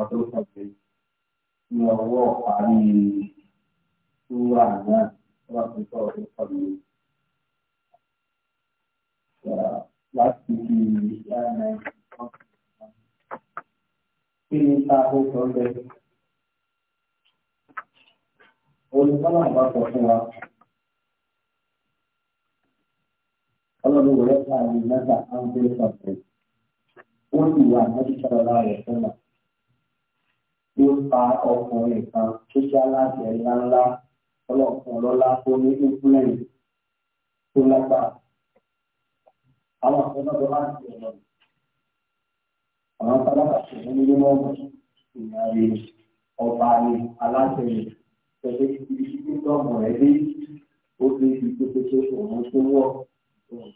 àtọ́sàgbẹ́ ní ọwọ́ ká ní mẹ́ta á ó sì wà lọ́dún sọ̀rọ̀ rẹ̀ fúnra tí ó fa ọkùnrin kan tó jẹ́ aláṣẹ ẹ̀yà ńlá ọlọ́kùnrin lọ́lá tó ní ìpínlẹ̀ tó lágbàá àwọn àfẹ́fẹ́ láti ọ̀nà àwọn tálákàtì ní mílíọ̀nù ìyá rẹ̀ ọba rẹ̀ aláṣẹ rẹ̀ pẹ̀lú ibi tí ó dọ̀mọ̀ rẹ̀ dé ó fi ibi tó ṣe òun tó wọ̀ òun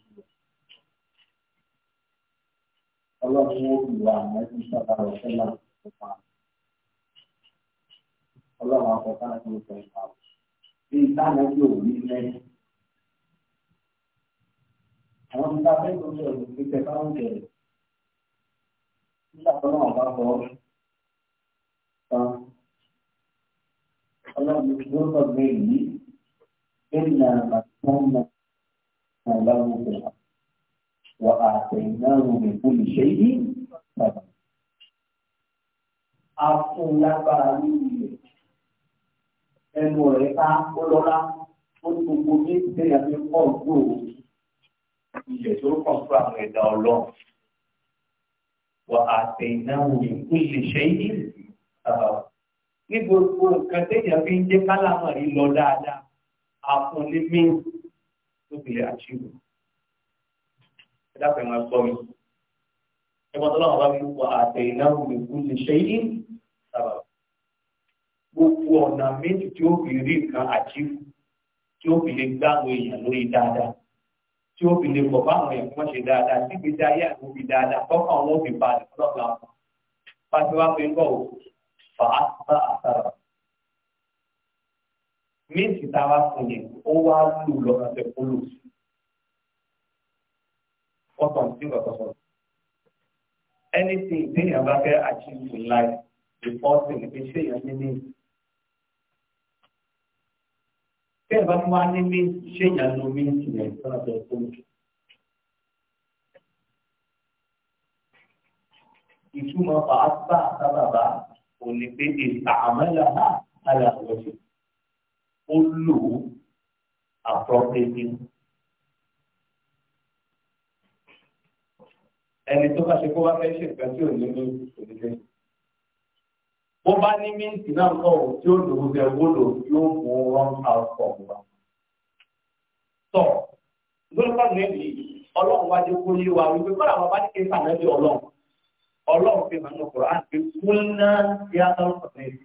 ọlọ́run ó ìwà àmọ́jú sábà rẹ̀ sẹ́lá nípa ọlọ́run àkọ́kọ́ àti ìfẹ́ ìfà bí ìtànà tí ò ní lẹ́yìn. àwọn tí a fẹ́ lórí ọ̀rọ̀ pípẹ́ báwọn kẹ̀rẹ̀ nígbà tó náà bá bọ́ tán ọlọ́run ló sọ pé yìí bẹ́ẹ̀ ni àwọn àti wọn náà lọ́wọ́ ìfẹ́ wà á tẹ̀yìn náà rò mí kó lè ṣe yí bàbá. Afúnlágbára lórí rẹ̀ ẹnu rẹ̀ ká ó lọ́lá ó ní gbogbo ní ìgbéyà fi pọ̀ gbòòrò ilẹ̀ tó kàn fún àwọn ẹ̀dá ọlọ́run. Wà á tẹ̀yìn náà lè ṣe yí bàbá. Ní gbogbo nǹkan téèyàn fi ń jẹ́ kálámọ̀ rí lọ dáadáa, àfúnni mí tó fi àṣírò dáfẹ́ máa gbọ́ mi. ẹgbọ́n tó lọ́wọ́ bá fi wọ àtẹ ìnáwó ìlú lè ṣe é sábà. gbogbo ọ̀nà méjì tí ó fi rí nǹkan àjíwò tí ó fi lè gbá àwọn èèyàn lórí dáadáa tí ó fi lè pọ̀ bá àwọn èèyàn ṣe dáadáa síbi tí ayé àti òbí dáadáa kọ́kọ́ àwọn òbí ba àti ọlọ́gbà wọn. wá pé ń bọ̀ fà á bá àtàrà. méjì táwa fún yẹn ó wá lù lọ́kàn wọ́n kàn sí ọ̀tọ̀ Anything anything téèyàn bá fẹ́ achieve in life the first thing ni ṣé èèyàn ní means. téèyàn bá fún wa ní means ṣé èèyàn lo means yẹn tó náà tó tó jù. ìtumọ̀ fàásà sábàbà ò ní pé ìta àmọ́lá náà á là wọ́n ṣe. ó lò ó appropriately. ẹni tó bá ṣe kó bá fẹ́ ṣe nǹkan tí ò ní ní òdìdẹ́. bó bá ní míǹtì náà kọ́ ò tí ó dòwó bẹ wódò yóò mú wọn out from wa. tọ́ lórúkọ méjì ọlọ́run wá dé kó yé wa wípé kọ́ra àwọn bá ní kí n sàmẹ́ bí ọlọ́run ọlọ́run fi hàn ní ọkùnrin àti kúnná yàtọ̀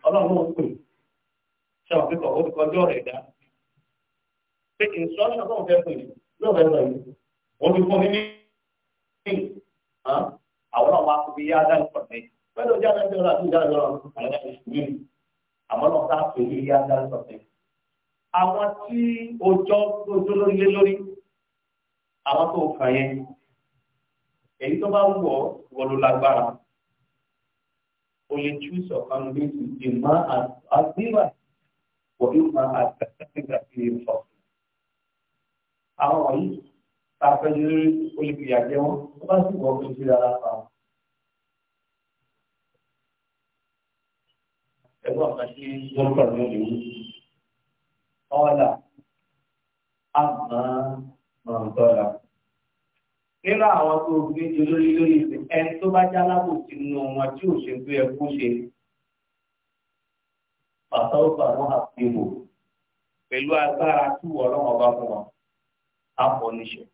ọlọ́run ó pè ṣe òkìkọ̀ ó ti kọjú ọ̀rẹ́ dá pé ìṣọ́nà náà fẹ́ pè lọ́ọ̀rẹ́ lọ́yìn wọ́n fi fún mi àwọn náà máa fi yá dá lọ́pọ̀ mi bẹ́ẹ̀ ló jáde ẹgbẹ́ ọ̀làjú ìjà ìjọba àwọn ẹ̀rọ ìṣúlẹ̀ àwọn náà ká pè ní yá dá lọ́pọ̀ mi. àwọn tí ojọ́ ojú lórí lé lórí àwọn tó kàn yẹn èyí tó bá ń wọ̀ wọ́n ló lágbára o lè choose ọ̀kan méjì ìmọ̀ àgbéwà wọ́n máa àgbàkẹ́kẹ́ gbà sí ìfọ̀ àwọn yìí àpẹjù lórí olùkìyà jẹ wọn tó bá sì wọ́n fi síra lápá. ẹ̀gbọ́n kan sí dókítà lórí ìlú ọlà àmọ́ mọ̀ọ́dọ́là. nínú àwọn tó gbé jù lórí lórí ìsìn ẹni tó bá já lábò sínú wọn tí ò ṣe pé ẹ kó ṣe. bàtà ó bà wọn àti ìwò pẹ̀lú agbára tí wọ́n lọ́wọ́ bá fún wọn. á níṣẹ́.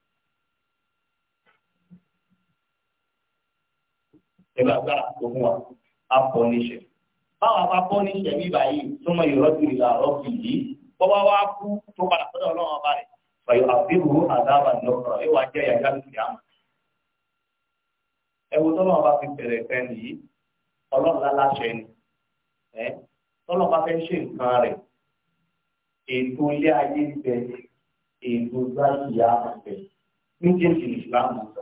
pẹ̀lú agbára tó fún wa á pọ̀ níṣẹ́. báwa bá pọ̀ níṣẹ́ bí báyìí tó mọ ìrọ́jú ìlà ọ̀rọ̀kì yìí bọ́wá wá kú tó padà sọ́dọ̀ ọlọ́run ọba rẹ̀ fàyọ̀ àbíhù àdáàbà nọ́kọ̀rọ̀ yóò wá jẹ́ yàrá lùkì àmà. ẹ̀wù tọ́lọ́ ọba fi bẹ̀rẹ̀ fẹ́ nìyí ọlọ́run láláṣẹ ni ẹ́ tọ́lọ́ ọba fẹ́ ṣe nǹkan rẹ̀ ètò ilé ayé bẹ ètò gbáyìí àmà bẹ méjèèjì ìsìlámù sọ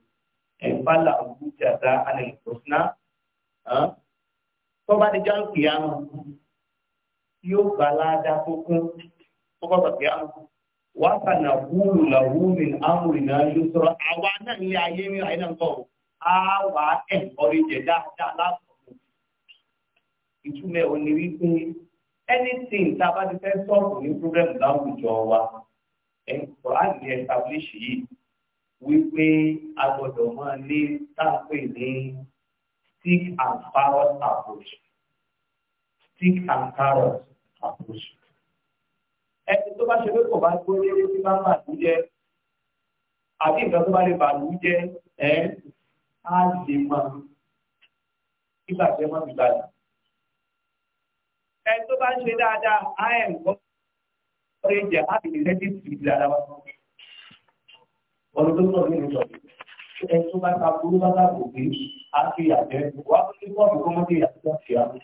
ìfàlà òkúta àdá àlẹ ìkọsínà tó bá ti já ń pè ánu yóò gbà ládàá tó kún tó bá pàpè ánu wàá sànà wúlò làwúmi àmúrinà yóò sọ̀rọ̀ àwa náà ní ayé mi àyè náà ń bọ á wà á ẹnkọrí jẹ dáadáa lásìkò ìtumẹ̀ òní wípé anything tá a bá ti fẹ́ sọ̀rọ̀ ní problem láwùjọ wa ẹ̀ kọ́ á lè establish yìí wípé a gbọ́dọ̀ máa lé táàpé ní stick and carrot approach stick and carrot approach. ẹni tó bá ṣe pé kò bá gbó léré tí bá máa lù jẹ àbí nǹkan tó bá lè bà lù jẹ ẹ á lè máa nígbà tí ẹ máa fi balẹ̀. ẹni tó bá ń ṣe dáadáa á ẹ̀ ń gbọ́ ọ̀rẹ́ jẹ́ á lè rẹ́dí sí ìdílé sọ́kùn ọdún tó ń sọ nínú ìjọba ẹni tó bá ta burú bá ta kò gbé àti àjẹ wà á fi pọ́ọ̀bù kọ́ mọ́tò ìyàtọ̀ sí àmì.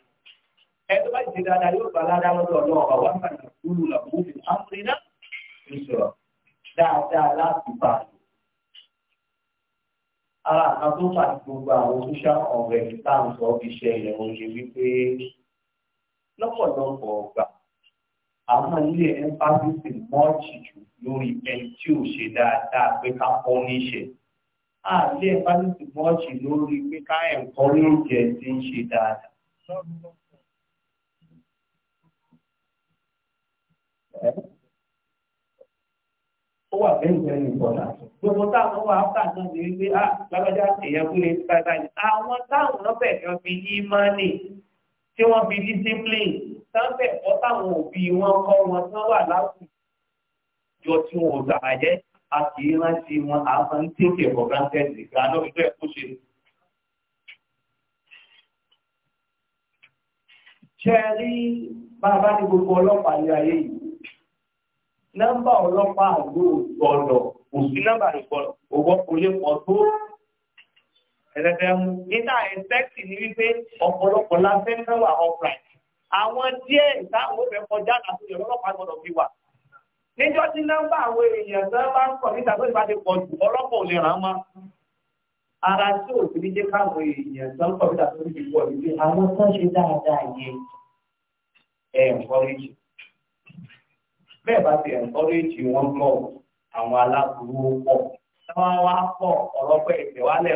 ẹni tó bá ti ṣe dáadáa yóò gba aládá lọ́dọ̀ ọ̀dọ́ ọ̀bà wà á kà lùlù làbúrò fi àmúrí náà ní sọ̀rọ̀ ìrẹ̀wọ̀n yìí wípé lọ́pọ̀lọpọ̀ ọ̀gbà àwọn ilé ẹ̀ńpásísì mọ́ọ̀chì jù lórí ẹni tí ò ṣe dáadáa pé ká kọ́ níṣẹ́ àlẹ́ ẹ̀ńpásísì mọ́ọ̀chì lórí pé ká ẹ̀kọ́ lóòjì ẹ̀ ti ń ṣe dáadáa. ó wà bẹ́ẹ̀ bẹ́ẹ̀ ní ìbọ̀dà gbogbo táwọn wà áfà náà ní wípé á ah, lágbájá èèyàn kú lè báyìí báyìí àwọn táwọn náà bẹ̀rẹ̀ fi yí mọ́nì tí wọ́n fi discipline sáńpẹ̀ kọ́ táwọn òbí wọn kọ́ wọn tán wà láwùjọ tí wọn ò gbà jẹ́ a kì í rántí wọn a máa ń tètè for granted nìkan náà ìjọ ẹ̀kú ṣe. ṣe é rí bàbá ní gbogbo ọlọ́pàá ní ayé yìí nọ́mbà ọlọ́pàá àgbo gbọ́dọ̀ kò sí nọ́mbà ìgbọ́dọ̀ òwò kò lè pọ̀ tó ẹ̀rẹ̀dẹ̀ mu nígbà ẹ̀sẹ̀kì ni wípé ọ̀pọ̀lọpọ̀ la fẹ́ náwà upright àwọn díẹ̀ ìtàwọn òfin kọjá àti ìyọ̀rọ̀ ọlọ́pàá gbọ́dọ̀ fi wà. níjọ́ tí nọ́mbà àwọn èèyàn tó bá ń pọ̀ níta tó ti bá ti pọ̀ jù ọlọ́pàá ò lè ràn án mọ́. ara tí ò fi níjẹ́ káwọn èèyàn tó ń pọ̀ níta tó ti pọ̀ jù pé àwọn tó ń ṣe dáadáa yẹn ẹ̀ ń kọ́rẹ́jì. bẹ́ẹ̀ bá ti ẹ̀ ń kọ́rẹ́jì wọn lọ àwọn aláburú pọ̀ táwọn wá pọ̀ ọ̀rọ̀ pẹ̀ ìtẹ̀wálẹ̀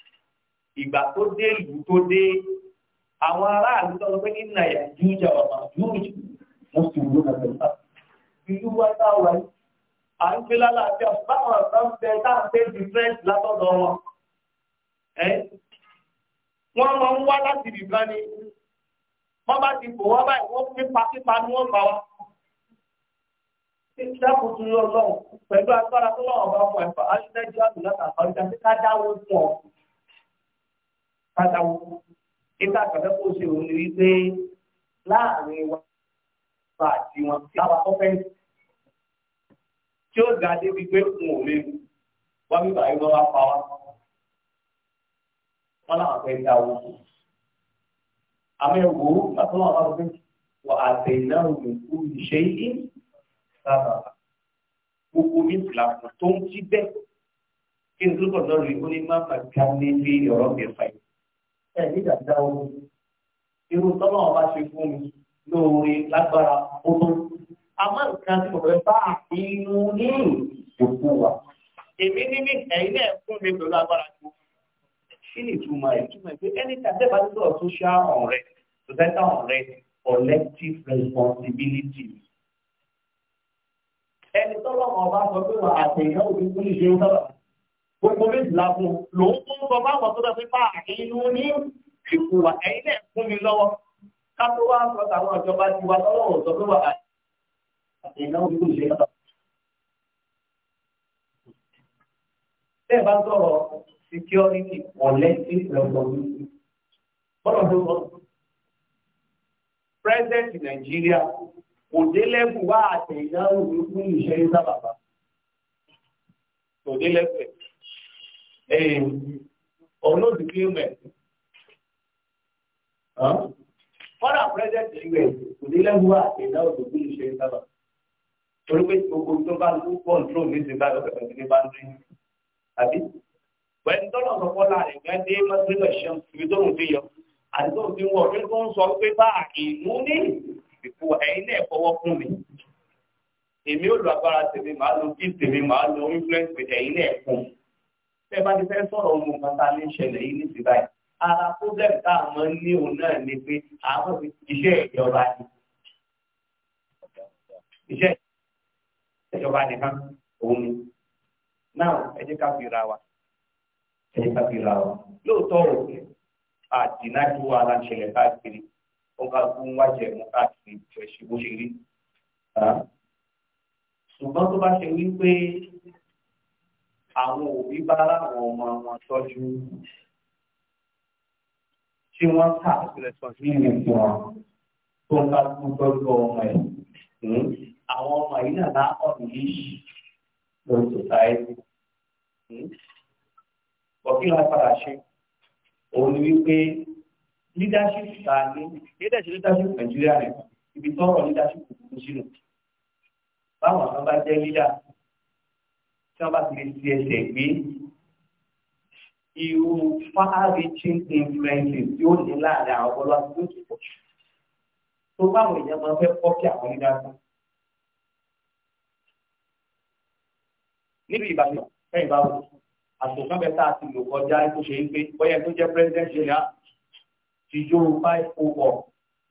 ìgbà tó dé ìlú tó dé àwọn aráàlú tó lọ pé ní nàìjíríà ju ìjà ọ̀nà yóò jù wọ́n sì wúlò náà lọ́wọ́. ìlú wa tá a wáyé à ń gbé lálàáfíà báwọn ọ̀sán bẹ tá à ń pè ní látọ̀dọ̀ wọn. wọ́n máa ń wá láti ìbíkan ni wọ́n bá ti bò wọ́n báyìí wọ́n fi pakípa ni wọ́n bá wa dákòtò lọ́lọ́run pẹ̀lú agbára tó lọ́wọ́ bá fún ẹ̀fọ́ aṣínájú àbúlá àbájá tí ká dáwó fún ọ pátáwó kíkà àgbàdo kó ṣe òun ni wípé láàrin wa bá àti wọn tí a wà ọ́fẹ́ǹsì tí ó ga débi pé n ò lè wá bí bàbá yìí wá pa wá wọn làwọn fẹ́ dá owó kù àmì ẹ̀wò ìgbà tó bá fẹ́ wọ àtẹ ìnáwó ìkú ìṣe yìí sábà gbogbo ní ìlànà tó ń jí bẹ́ẹ̀ kí n tó kọ̀ lọ́rùn ìkó ní má má ká níbi ọ̀rọ̀ mi fà yìí ẹ̀ nígbà tí dáwọ́ mi irú tọ́lọ́ ọba ṣe fún mi lóore lágbára ó tó àmọ́ nǹkan tí mo fẹ́ bá inú ní ìdòkú wa èmi ní mi ẹ̀yin náà fún mi pẹ̀lú agbára tó kí ni ìtumọ̀ ẹ̀ ìtumọ̀ ẹ̀ pé ẹni tàbí ẹ̀bá tó sọ̀rọ̀ social unrest societal unrest collective responsibility ẹni tọ́lọ́ ọba sọ pé wà àtẹ̀yẹ́ òbí kúlì ṣe ń sọ̀rọ̀ gbogbo méjìlá fún lòun tó ń sọ báwọn tó dá sí pa àìlú ní ìkùwà ẹ̀yìn náà fún mi lọ́wọ́ ká tó wá sọ táwọn ìjọba ti wá lọ́wọ́ òsọ pé wà á ìnáwó tó ṣe yàtọ̀. bẹ́ẹ̀ bá sọ̀rọ̀ security ọ̀lẹ́sí revolution bọ́lá tó sọ. president Nàìjíríà kò dé lẹ́kùn wá àtẹ̀yìnáwó tó ṣe yàtọ̀ bàbá. kò dé lẹ́kùn òun ló ti kílímù ẹ̀. fọ́nà pírẹ́sẹ̀tì ìwé kò ní lẹ́gbùwà ìdá òdò bí ìṣe sábà torí pé gbogbo tó bá lù kọ́ńtró ní ti bá lọ́kẹ̀kẹ̀ sí ní bá ń rí àbí. pẹ̀lú tọ́lọ̀ sọ fọ́lá rẹ̀ gán dé mọ́tírínlẹ̀ ṣan ibi tó ń fi yọ àti tó ń fi wọ̀ pé tó ń sọ pé bá ìmú ní ìfò ẹ̀yin náà fọwọ́ fún mi. èmi ò lo agbára tèmi màá lo kí tèmi màá lo influence pé ẹ̀yin tẹ́ bá ti fẹ́ sọ̀rọ̀ ohun kan tá a ní ṣẹlẹ̀ yìí ní ti báyìí ara problem tá a mọ̀ ní òun náà ni pé àwọn ti iṣẹ́ ìjọba ni iṣẹ́ ìjọba nìkan òun ni náà ẹ jẹ́ ká fi ra wa ẹ jẹ́ ká fi ra wa lóòótọ́ òkè àdínà tó wà láṣẹlẹ̀ káàkiri ó ká kú wájẹ̀ mú káàkiri ìjọ ìṣèwọ́ṣe rí ṣùgbọ́n tó bá ṣe wí pé àwọn òbí bá láwọn ọmọ wọn tọ́jú tí wọ́n kà nínú fún wọn tó ń bá kú tọ́jú ọmọ ẹ̀ hmm? àwọn ọmọ yìí náà bá ọ̀nà yìí lórí sòsáìtì. Hmm? Bọ̀kí wọn padà ṣe òun ni wípé leadership ta ní kéde ṣe leadership Nàìjíríà rẹ̀ ibi tọ́rọ̀ leadership kò sínú. Báwọn kan bá jẹ́ leader tí wọ́n bá ti ti ẹsẹ̀ gbé irú far-reaching influences tí ó ní láàrin àwọn ọpọlọ àti tó ti pọ̀ jù tó báwọn èèyàn máa fẹ́ kọ́kí àwọn onídàájú. níbi ìbàdàn fẹ́yìn bá wò àṣòkan bẹ tá a ti lò kọjá tó ṣe ń pé bóyá tó jẹ́ president ṣẹlẹ̀ ti jó five oh one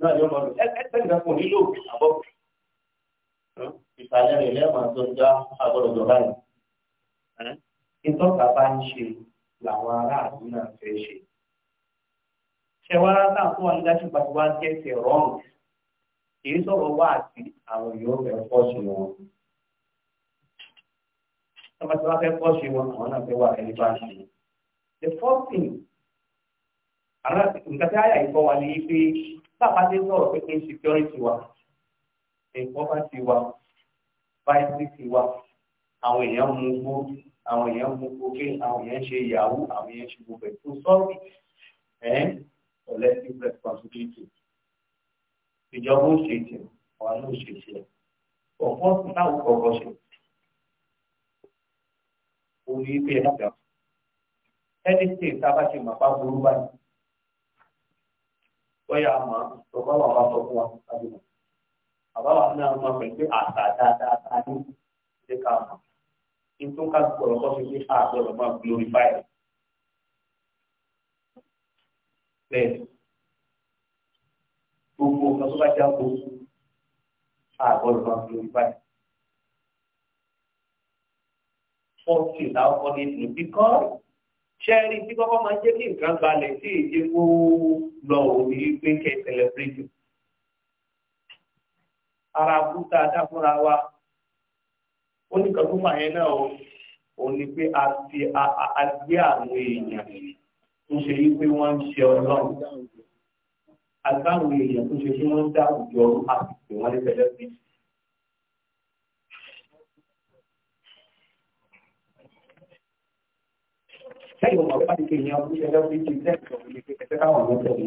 náà yóò lọ lò ẹgbẹ́ ìgbàpọ̀ nílò àbọ̀ ìsàlẹ̀ rẹ̀ lẹ́ẹ̀mọ̀ àtọ́já agbọ́dọ̀ jọba yìí ìtọ́ka bá ń ṣe làwọn aráàlú náà fẹ́ ṣe. ṣẹ̀wárá táà fún wa ní dáṣù pàtó wá ń kẹ́sẹ̀ rọ́ọ̀n kì í sọ̀rọ̀ wá àti àwọn yóò fẹ́ fọ́ọ̀ṣì wọn. tọ́ba tí wọ́n fẹ́ fọ́ọ̀ṣì wọn àwọn náà fẹ́ wà ẹni bá ṣe. the first thing nǹkan tí àyà ìfọ́ wa ni pé bàbá ti sọ̀rọ̀ pé insecurity wa ìfọ́fà ti wa violence ti wa àwọn èèyàn mú gbó àwọn èèyàn mú gbókè àwọn èèyàn ṣe ìyàwó àwọn èèyàn ṣe gbogbo ẹ̀ tó sọ́ọ̀bì ẹ̀ collective responsibility ìjọba ó ṣe tiẹ̀ àwọn náà ó ṣe tiẹ̀ ọ̀pọ̀ táwọn kọ̀ọ̀kan ṣe ó ní pé ẹ̀dá ẹni tí ìta bá ṣe màpá burú báyìí bóyá àmọ́ tọ́kọ́ wà wá sọ fún wa àbí wọn àbáwá náà máa pè pé àṣà dáadáa ta ní ìdíkà àmọ́ nítorí ká gbọ́dọ̀ kọ́ sí pé a gbọ́dọ̀ máa glorify rẹ̀. bẹ́ẹ̀ gbogbo nǹkan tó bá já kó a gbọ́dọ̀ máa glorify rẹ̀. fọ́ọ̀tì làwọn kọ́ ní ìlú bíkọ́ ṣẹ́ẹ́rì tí kọ́kọ́ máa ń jẹ́ kí nǹkan balẹ̀ sí èdè kó lọ òní pé kẹ́ celebrate. ara kúta dá fúnra wa ó ní kan tó fà yẹn náà o òun ni pé a ti a gbé àwọn èèyàn tó ṣe yí pé wọ́n ń ṣe ọlọ́run agbáwọn èèyàn tó ṣe tí wọ́n ń dá òjò ọrùn àtìpé wọn lẹ́sẹ̀lẹ́ sí. lẹ́yìn ọmọ bá ti ké ìyẹn ọdún ṣẹlẹ̀ sí ti lẹ́sẹ̀ ọ̀hún ní pẹ̀lú káwọn ọmọ tẹ̀lé.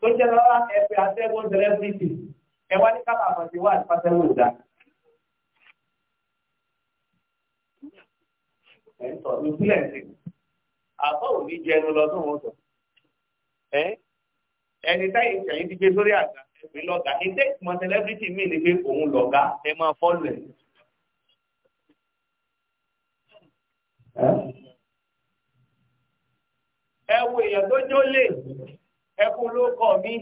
tó jẹ́ lọ́wọ́ ẹgbẹ́ atẹ́gùn tẹ̀lé sí ti ẹ̀wá ní kábàámọ̀ ti wá àti pátẹ́wò dáa. ẹ̀ ń tọ̀ ní sílẹ̀ ń sìn àbọ̀ ò ní jẹnu lọ́dún wọn sọ ẹni táyì sẹ́yìn ti gbé sórí àga ẹ̀fẹ́ lọ́gà ẹ̀dá ìtumọ̀ sẹlẹ́bírìtì mi ni pé òun lọ́gà ẹ máa fọ́lù ẹ̀. ẹ wo èèyàn tó jólè ẹ kú ló kọ mí.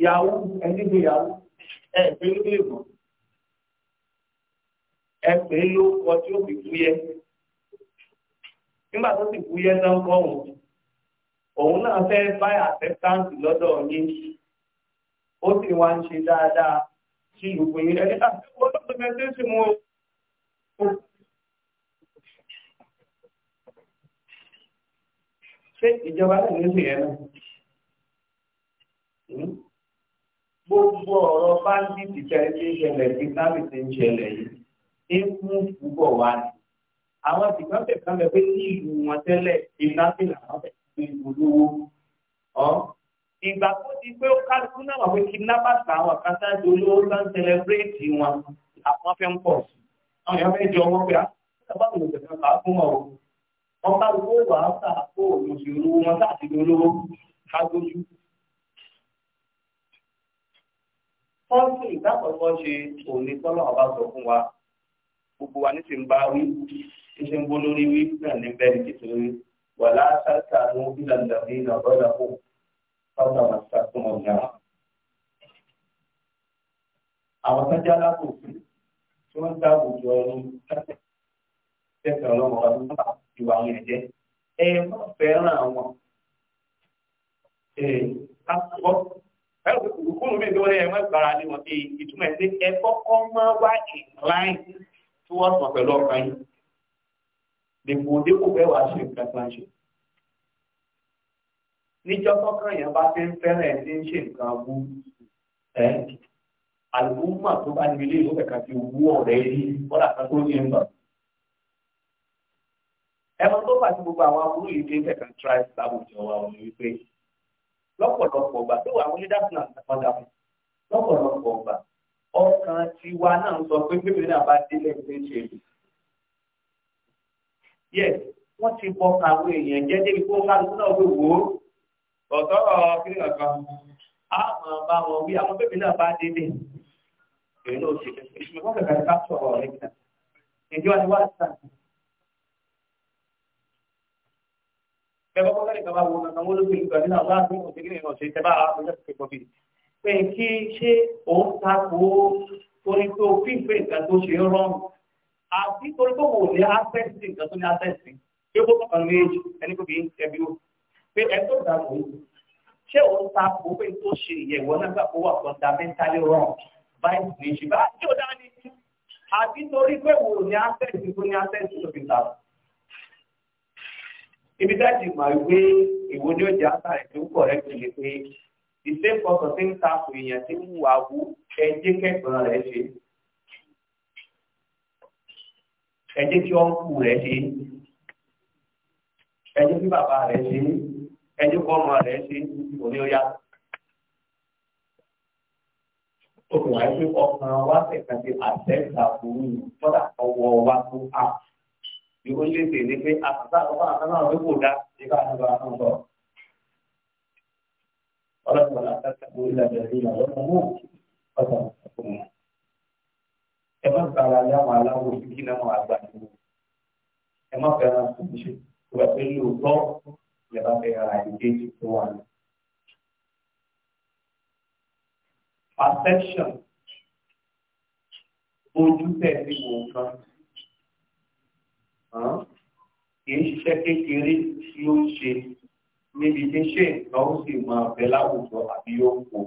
ìyàwó ẹni gbé ìyàwó ẹ gbé lórí ìmọ̀ ẹ é ló kọ tí ó fi fúyẹ́ nígbà tó sì fúyẹ́ náà kọ́ òun òun náà fẹ́ buy acceptance lọ́dọ̀ yín ó sì wá ń ṣe dáadáa ah, sí ìlúkọ yín ẹni àti olóògbé mẹsẹ̀ sí mu o. ṣé ìjọba náà ní ìyẹn náà? Hmm? gbogbo ọ̀rọ̀ báńdíìtì tẹ́lẹ̀ tí ń ṣẹlẹ̀ tí sábì ti ń ṣẹlẹ̀ yìí ewu púpọ̀ wá ní. Àwọn ìgbà bẹ̀ kan bẹ̀ pé ní ìlú wọn tẹ́lẹ̀ ìlà sí làwọn bẹ̀ sí ìlú olówó. Ọ́ ìgbà tó ti pé ó kálukú náà wà pé kidnappers àwọn kan sáájú olówó bá ń sẹlẹbírèètì wọn àwọn fẹ́ ń pọ̀ sí. Àwọn èèyàn fẹ́ jẹ ọmọ pé á bá wò lè fẹ́ fà á fún ọ̀ wọn bá gbogbo wà á sà kó òṣì olówó wọn sáàtì olówó kágbójú. Fọ́ńtì ìdákọ̀ọ́kọ́ ṣe òní tọ́lọ́ ọba sọ fún wa gbogbo wa níṣẹ́ ń bá wí níṣẹ́ ń bó lórí wí náà ní bẹ́ẹ̀ nítorí wà láṣáṣá ní ìlànà ní ìlànà kò fáwọn àṣà tó wọn náà. àwọn tó jẹ́ alábòsí tí wọ́n dá àwùjọ ní kẹ́kẹ́ ọlọ́mọ ọdún náà ìwà yẹn jẹ́ ẹ má fẹ́ràn àwọn àkọ́kọ́ ẹ̀rọ kúrú mi lórí ẹ̀ mọ́ ìgbára ni wọ́n ti ìtumọ̀ ẹ̀ sí ẹ kọ́kọ́ máa wá ìláìn tí wọ́n sàn pẹ̀lú ọkàn yín dèbò dépò bẹ́ẹ̀ wá ṣe nǹkan kan ṣe. níjọ́ tọ́kàn yẹn bá ti ń fẹ́rẹ̀ ẹ̀ ti ń ṣe nǹkan wú ẹ́ àlùkùnmà tó bá níbi ilé ìlú kẹ̀kẹ́ ti wú ọ̀rẹ́ rí bọ́dà kan tó ní ẹ̀ ń bà. ẹ̀rọ tó bá ti gbogbo àwọn aburú yìí dé kẹ̀kẹ́ tribe láwùjọ wa ò ní wípé lọ́pọ̀lọpọ̀ gbà tó àwọn leaders náà ń tàkọ́dà lọ́pọ̀lọpọ̀ gbà ọkàn tiwa náà sọ pé bíbélì náà bá délé ìwé ṣe lù. yẹ wọ́n ti bọ àwọn èèyàn jẹ́ débi kó kálukú náà wò wò ó ọ̀tọ́ kiri kankan á máa bá wọn wí àwọn bíbélì náà bá délé èyí ló ṣe ìṣúná wọn kẹkẹ ká sọ̀rọ̀ rẹ kí náà ìjọba ni wá sàn. bẹ́ẹ̀ bá kọ́kọ́ nìkan bá wo kankan wọ́n pé kí ṣé òun takò torí pé òfin pé nǹkan tó ṣe ń rọrùn àti torí pé òun ò ní access nǹkan tó ní access pé kó kọ̀ọ̀kan méjì ẹni kò kì í ṣẹbi ó pé ẹ tó dà mọ́ ṣé òun takò pé tó ṣe ìyẹ̀wò náà gbà kó wà fundamentally wrong báyìí ní ṣe bá tí ò dá ní àti torí pé òun ò ní access tó ní access tó fi ta ibi dájú màá wí ìwé ní ọjà àtàrẹ̀ tó ń kọ̀ rẹ́ kìlẹ̀ pé ìṣèkọsọ tí ń takò èèyàn tí ń wà wú ẹ jẹ́ kẹsàn-án rẹ̀ ṣe ẹ jẹ́ kí ọ̀nkù rẹ̀ ṣe ẹ jẹ́ kí bàbá rẹ̀ ṣe ẹ jẹ́ kí ọmọ rẹ̀ ṣe òní ó yá. ó fi wáyé pé ọkàn wa tẹ̀ka sí àtẹ́gbà òun tọ́lá ọwọ́ wa tó a. ìwọ́n lè tẹ̀lé pé àtàtà ọ̀pá àtàtà ọ̀pá kò dá nígbà tó bá a tó ولكن لا تتقوا إلا الذين ظلموا فتنسقون كما قال لا ما لا مسكين ما أزعموا كما قال سبحانه وتعالى يوضع يبقى على جيش الثوان Perception ojú tẹ̀lé wò kan kì í ṣiṣẹ́ kékeré tí ó ṣe níbi tí ṣe nǹkan ó sì máa bẹ láwùjọ àbí yóò kó.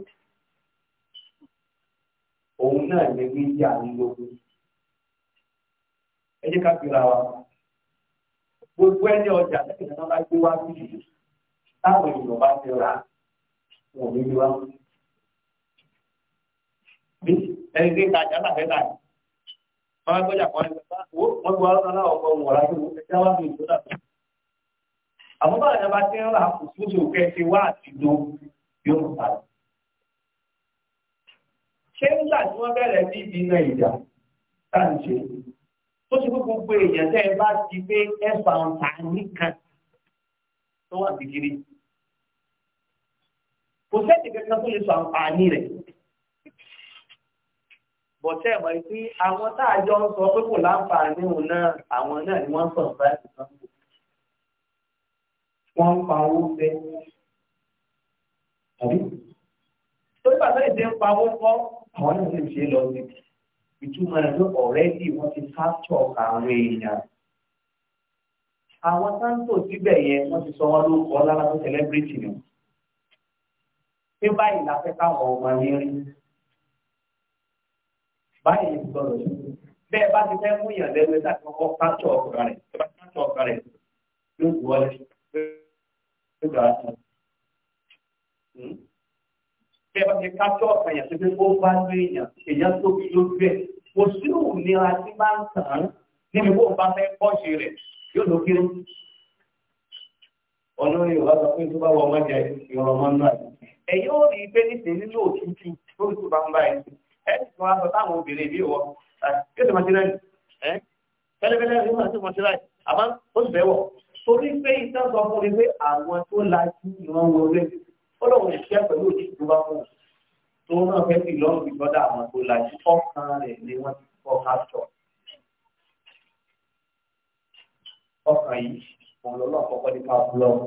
Òun náà ni mídíà nílógún. Ẹ jẹ́ ká fira wa. Gbogbo ẹni ọjà lẹ́yìn náà bá gbé wá sí ìlú. Táwọn èèyàn bá ti rà wọ̀n ní wá. Bí ẹni tí ìtajà náà fẹ́ tà ní. Wọ́n á gbọ́dọ̀ àwọn ẹgbẹ́ bá wọ́n gbọ́ ọ́ lọ́wọ́ ọ̀pọ̀ wọn ọ̀rá tó wọ́n fẹ́ jáwá ní ìgbọ́dọ̀ àmọ́ báyìí náà bá ti ń ra òṣùṣù kẹsì wá àtìdó yóò ń padà. ṣé nígbà tí wọ́n bẹ̀rẹ̀ sí ibi iná ìjà tá à ń ṣe tó ṣe pé gbogbo èèyàn tẹ́ ẹ bá ti gbé ẹ̀fà ọ̀tá nìkan tó wà kékeré kò sẹ́ni kankan tó lè sọ àǹfààní rẹ̀ bọ̀tẹ́ mọ̀ pé àwọn tá a jọ ń sọ pé kò láǹfààní òun náà àwọn náà ni wọ́n ń sọ̀rọ̀ báyìí kan kò wọ́n ń pa owó fẹ́. Àbí? Tó bá bẹ́ẹ̀ ṣe ń pa owó kọ́, àwọn náà sì ṣe lọ sí. Ìtumọ̀ rẹ̀ ló ọ̀rẹ́dì wọ́n ti káṣọ̀ àwọn èèyàn. Àwọn sáńtò síbẹ̀ yẹn wọ́n ti sọ wọ́n ló kọ́ tó sẹlẹ́bírìtì ni. Pé báyìí la fẹ́ káwọn ọmọ mi rí. Báyìí ni gbọ́dọ̀ ṣe. Bẹ́ẹ̀ bá ti fẹ́ mú ìyàn lẹ́nu ẹ̀ láti kọ́kọ́ káṣọ̀ ọ̀gá rẹ̀. Ẹ bá káṣọ̀ ọ̀gá rẹ̀ yóò wọlé nígbà tó bí hmm? ẹ bá ti kájọ ọ̀sán yẹn síbi ó bá lé èèyàn èèyàn tóbi lójú ẹ̀ kò sí òmìnira tí máa ń tàn án níbi bó bá fẹ́ pọ́ṣe rẹ̀ yóò ló kéré ọ̀nà yorùbá sọ pé tó bá wọ ọmọdé ìrọ̀ ọmọ náà ẹ̀yìn ó rí i pé níṣẹ́ nínú òtútù lórí tó bá ń bá ẹ̀ ẹ̀ sì tún wá táwọn obìnrin bí wọ yóò tó máa ti rẹ̀ ẹ̀ tẹ́lẹ̀tẹ́lẹ̀ torí pé iṣẹ́ sọ fún mi pé àwọn tó lajú ni wọ́n wọ orí mi ó lóun ìṣe pẹ̀lú òjì tó bá fún un tó náà fẹ́ fi lọ́rùn fi gbọ́dọ̀ àwọn tó lajú ọkàn rẹ̀ ni wọ́n ti kọ́ ká sọ. ọkàn yìí òun lọ́nà kọ́kọ́ nípa búlọ́ọ̀mù.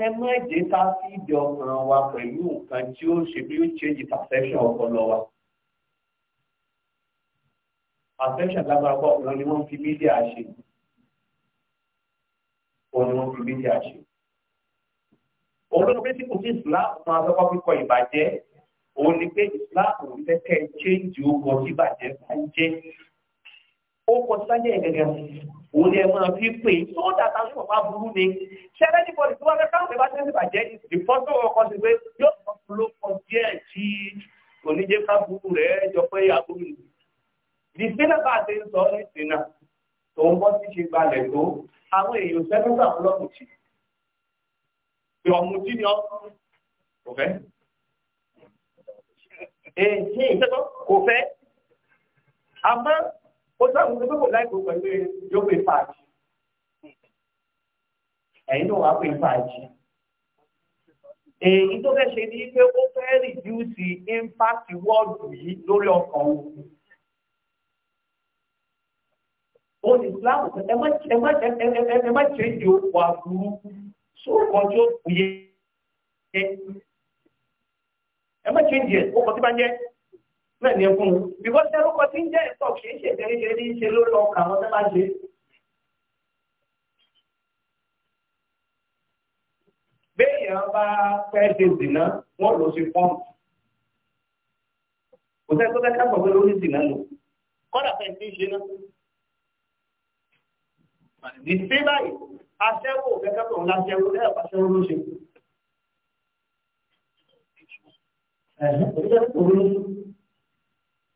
ẹ má jẹ́ ká sí ìdí ọkàn wa pẹ̀lú nǹkan tí ó ṣe bí ó change perception ọpọlọ wa. perception lágbára pọ̀ òun ni wọ́n fi mídíà ṣe ni wọ́n fi méjì àṣẹ. Òun ló pé tí kò sí ìsìláàmù máa sọ́kọ́ kíkọ ìbàjẹ́, òun ni pé ìsìláàmù ń fẹ́kẹ́ chéǹjì orúkọ tí ìbàjẹ́ bá ń jẹ́. Ó kọ sáyẹ̀ gẹ́gẹ́ òun ni ẹ máa fi pè é tó dàtà ní bàbá burú ni. Ṣé ẹlẹ́ni bọ̀dì tí wọ́n fẹ́ káwọn ìbá tẹ́sí bàjẹ́ ni ìfọ́sọ̀ ọkọ sí pé yóò kọ́ ló kọ díẹ̀ tí oníjẹ́ ká burú rẹ̀ jọ pé àbúrò. Dìsínà bá a ti ń sọ ní ìsìn náà òun bọ́ sí ṣe gbalẹ̀ tó àwọn èèyàn sẹ́fẹ́ gbà fún lọ́kùtì pé ọ̀mùtí ni ọ́ kò fẹ́ èyí ìṣẹ́tọ́ kò fẹ́ àmọ́ ó sáwọn ọmọdé kò láì kó pẹ̀lú yóò pè fàájì ẹ̀yin náà wàá pè fàájì èyí tó fẹ́ ṣe ni pé ó fẹ́ rìdíùsì ímpáàkì wọ́ọ̀dù yìí lórí ọkàn òun ó ní islam ẹ má ẹ má ẹ má ṣe ìdí òkú àbúrú sóòkan tí ó kù yé ẹ má ṣe ìdí ẹ ó kọ tí bá jẹ náà ní ẹkún un bíkọ́ ṣe ló kọ tí ń jẹ́ ẹ̀tọ́ kì í ṣe ìdẹ́rẹ́dẹ́ ní í ṣe ló lọ kà wọ́n tẹ́ bá ṣe. béèyàn bá fẹ́ ṣe ń ṣe náà ní sí báyìí aṣẹ́wò gẹ́gẹ́ bí òun láṣẹ́wò lẹ́yìn aṣẹ́wò ló ṣe.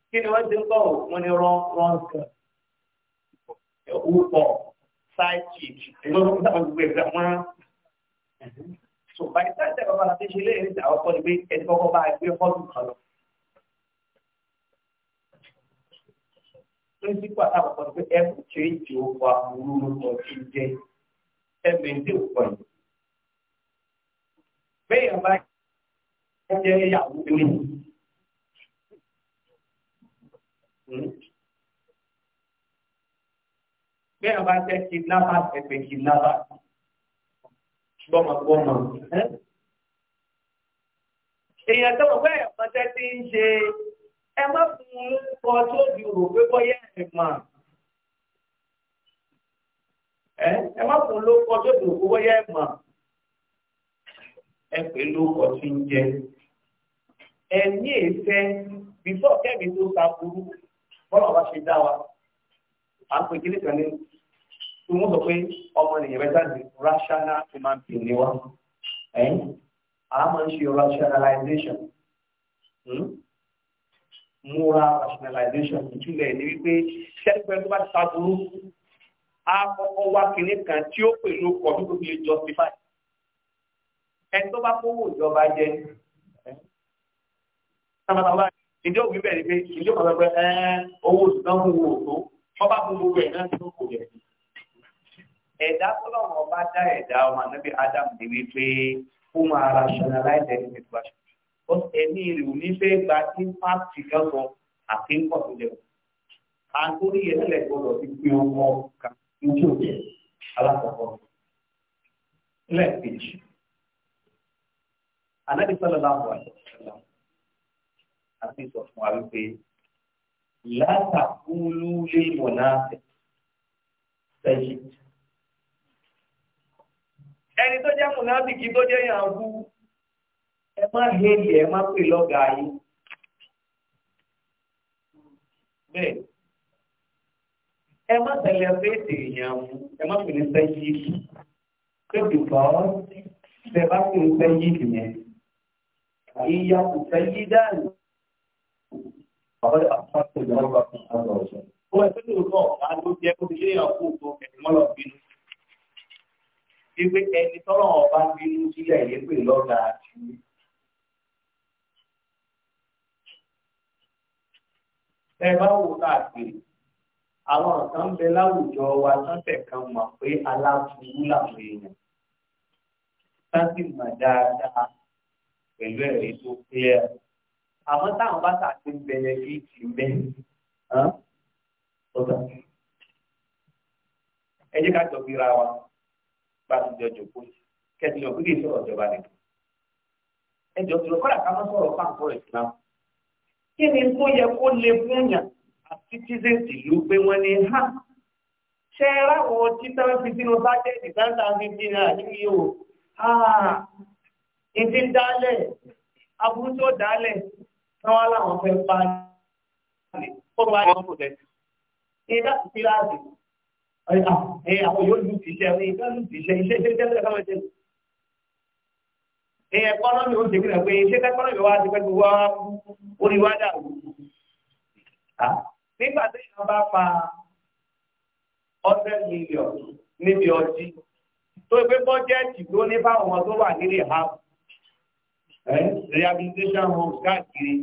Kí ni wọ́n ti ń bọ̀ wọ́n ní rán rán kan? Orúkọ side chick ìgbọ́n tó ń gbé ẹgbẹ́ wọn. So by the time tẹ́ bàbá ṣe lè rí ọkọ ni pé ẹni kọ́kọ́ bá gbé fọ́ọ̀tù kan lọ. píríncípù àtàkùnkọ́ ni pé ẹ kò ṣe jẹ òkò àbúrú lórúkọ tí jẹ ẹ mẹ́ndé òkò yìí. bẹ́ẹ̀ bá jẹ́ ìyàwó lórí. bẹ́ẹ̀ yẹn bá jẹ́ kidnapper ẹ̀fẹ̀ kidnapper gbọ́mọgbọ́mọ. èèyàn tó mọ̀ bẹ́ẹ̀ ọ̀kan tẹ́ ti ń ṣe ẹ má fún un kọ tó di òrò pé bọ́yẹ́ ìmọ̀ ẹ ẹ má fún ló kọ tó dùn kó wọ́yá ìmọ̀ ẹ pè ló kọ tí ń jẹ ẹ ní èéfẹ́ bífọ́ kẹ́mi tó ta burú bọ́lá wa ṣe dá wa à pè kí nìkan ní tí wọ́n sọ pé ọmọ nìyẹn bẹ́ẹ̀ jáde rational human being ni wa ẹ̀ a máa ń ṣe rationalization. Hmm? moral rationalization ìtumọ̀ ẹ̀ ni wípé sẹ́gbẹ́ tó bá ti sábúrú á kọ́kọ́ wá kinní kan tí ó pè ló kọ́ tó fi lè justify ẹni tó bá kówó ìjọba jẹ sábàtàbà ìdí òbí bẹ̀rẹ̀ pé ìdí òbí bẹ̀rẹ̀ pé owó ìdán mú wo tó wọ́n bá mú gbogbo ẹ̀ náà tó kò yẹ. ẹ̀dá fọlọ́run ọba dá ẹ̀dá ọmọ ànábì Adam dé wípé ó máa rationalize ẹni but ẹ̀mí rẹ̀ ò ní fẹ́ gba tí fáàtì kan sọ àti nǹkan tó lẹ̀. àtúrí ẹsẹ̀ gbọ́dọ̀ ti pín ọmọ kan ojú òkè alákọ̀ọ́kọ́. lẹ́ẹ̀kejì anábì sọ́lá láwọn àṣẹṣẹ́lá àti sọ fún wa wípé látàkúlú lé mọ̀nà sẹ́yìn. ẹni tó jẹ́ mọ̀nà bìkì tó jẹ́ yàn án kú ẹ má hẹ́ẹ̀lì ẹ má pè lọ́gà yìí bẹ́ẹ̀ ẹ má tẹ̀lé ẹgbẹ́ ètè èèyàn mú ẹ má pè ní sẹ́yìn ìlú pépì kọ́ tẹ bá pè ní sẹ́yìn ìlú yẹn ìyá kò sẹ́yìn dáàlú ọ̀rẹ́ àpapọ̀ ìjọba kan àgbà ọ̀sẹ̀. ó ẹ pẹ́lú ọ̀gá ọ̀gá ló jẹ́ kó ti léyàn kó tó ẹ̀sìn mọ́lọ̀ bínú. ìgbé ẹni tọ́lọ̀ ọba bínú sílẹ̀ yẹn pè lọ́gàá àti tẹ bá wò káàkiri àwọn kan bẹ láwùjọ wa sáńtẹ̀ kan mọ̀ pé aláburú làwọn èèyàn sáńtì mọ̀ dáadáa pẹ̀lú ẹ̀rí tó clear àmọ́ táwọn bá sàti ń bẹ̀yẹ kí ti bẹ́ ẹ jẹ́ ká jọ bíra wa bá ti jọ jòkó kẹ́sìlẹ̀ òkú kì í sọ̀rọ̀ ìjọba nìkan ẹ jọ sọ̀rọ̀ kọ́dà ká má sọ̀rọ̀ fáǹkọ́ ìsìlámù kí ni tó yẹ kó lè fúnyàn àti tíṣẹ́ǹtì ló pé wọ́n ní hà ṣe ráwọn títà fi sínú bájẹ́ẹ̀tì sáńtà fi fi hàn níbi o ìdí ń dálẹ̀ aburú tó dálẹ̀ káwá láwọn fẹ́ bá kó bá yọ ọ́n fòtẹ́ ìdá kíláàsì àwọn yóò lù tìṣẹ́ ìdá lù tìṣẹ́ iṣẹ́ iṣẹ́ tẹ́lẹ̀ káwọn jẹ́ ẹ ẹkọ́nọ́mì ó ti fi hàn pé ṣé tẹ́kọ́nọ́mì wa ti fẹ́ gbogbo wa orí wa dà wù. nígbà tí èèyàn bá pa hundred million níbi ọtí tó gbé bọ́jẹ́ẹ̀tì tó ní fáwọn ọmọ tó wà nílé hap rehabilitation homes káàkiri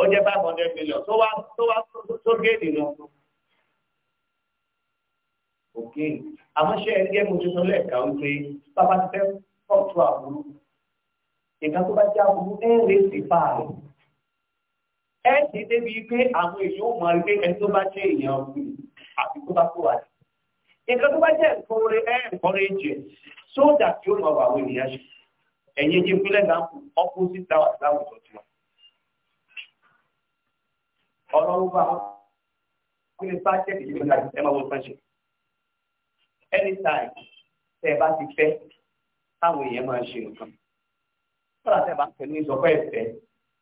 ó jẹ́ five hundred million tó wá tó wá tó géèdì lọ. òkè àmọ́ ṣe ẹgbẹ́ mo ti sọ lẹ́ẹ̀ka wípé bàbá ti fẹ́ pọ̀ tó àbúrò nǹkan tó bá jẹ́ aburú ẹ̀ lè sì fà rẹ̀. ẹ ti débi pé àwọn èèyàn ò mọ̀ pé ẹni tó bá jẹ́ èèyàn ọ̀gbìn àti tó bá kó wà rẹ̀. nǹkan tó bá jẹ́ nǹkan rẹ̀ ẹ̀ nǹkan rẹ̀ jẹ́ sódà tí ó mọ̀ wà àwọn ènìyàn ṣe. ẹ̀yin ẹjẹ́ pínlẹ̀ náà kù opposite tower láwùjọ tiwa. ọ̀rọ̀ ń bá kí ni sáṣẹ́ kìí ní ẹ máa wọ anytime tẹ́ ẹ bá ti fẹ́ táwọn èèyàn máa ṣe kọ́lá tẹ́ bá pẹ̀lú ìsọ̀kọ́ ẹ̀fẹ́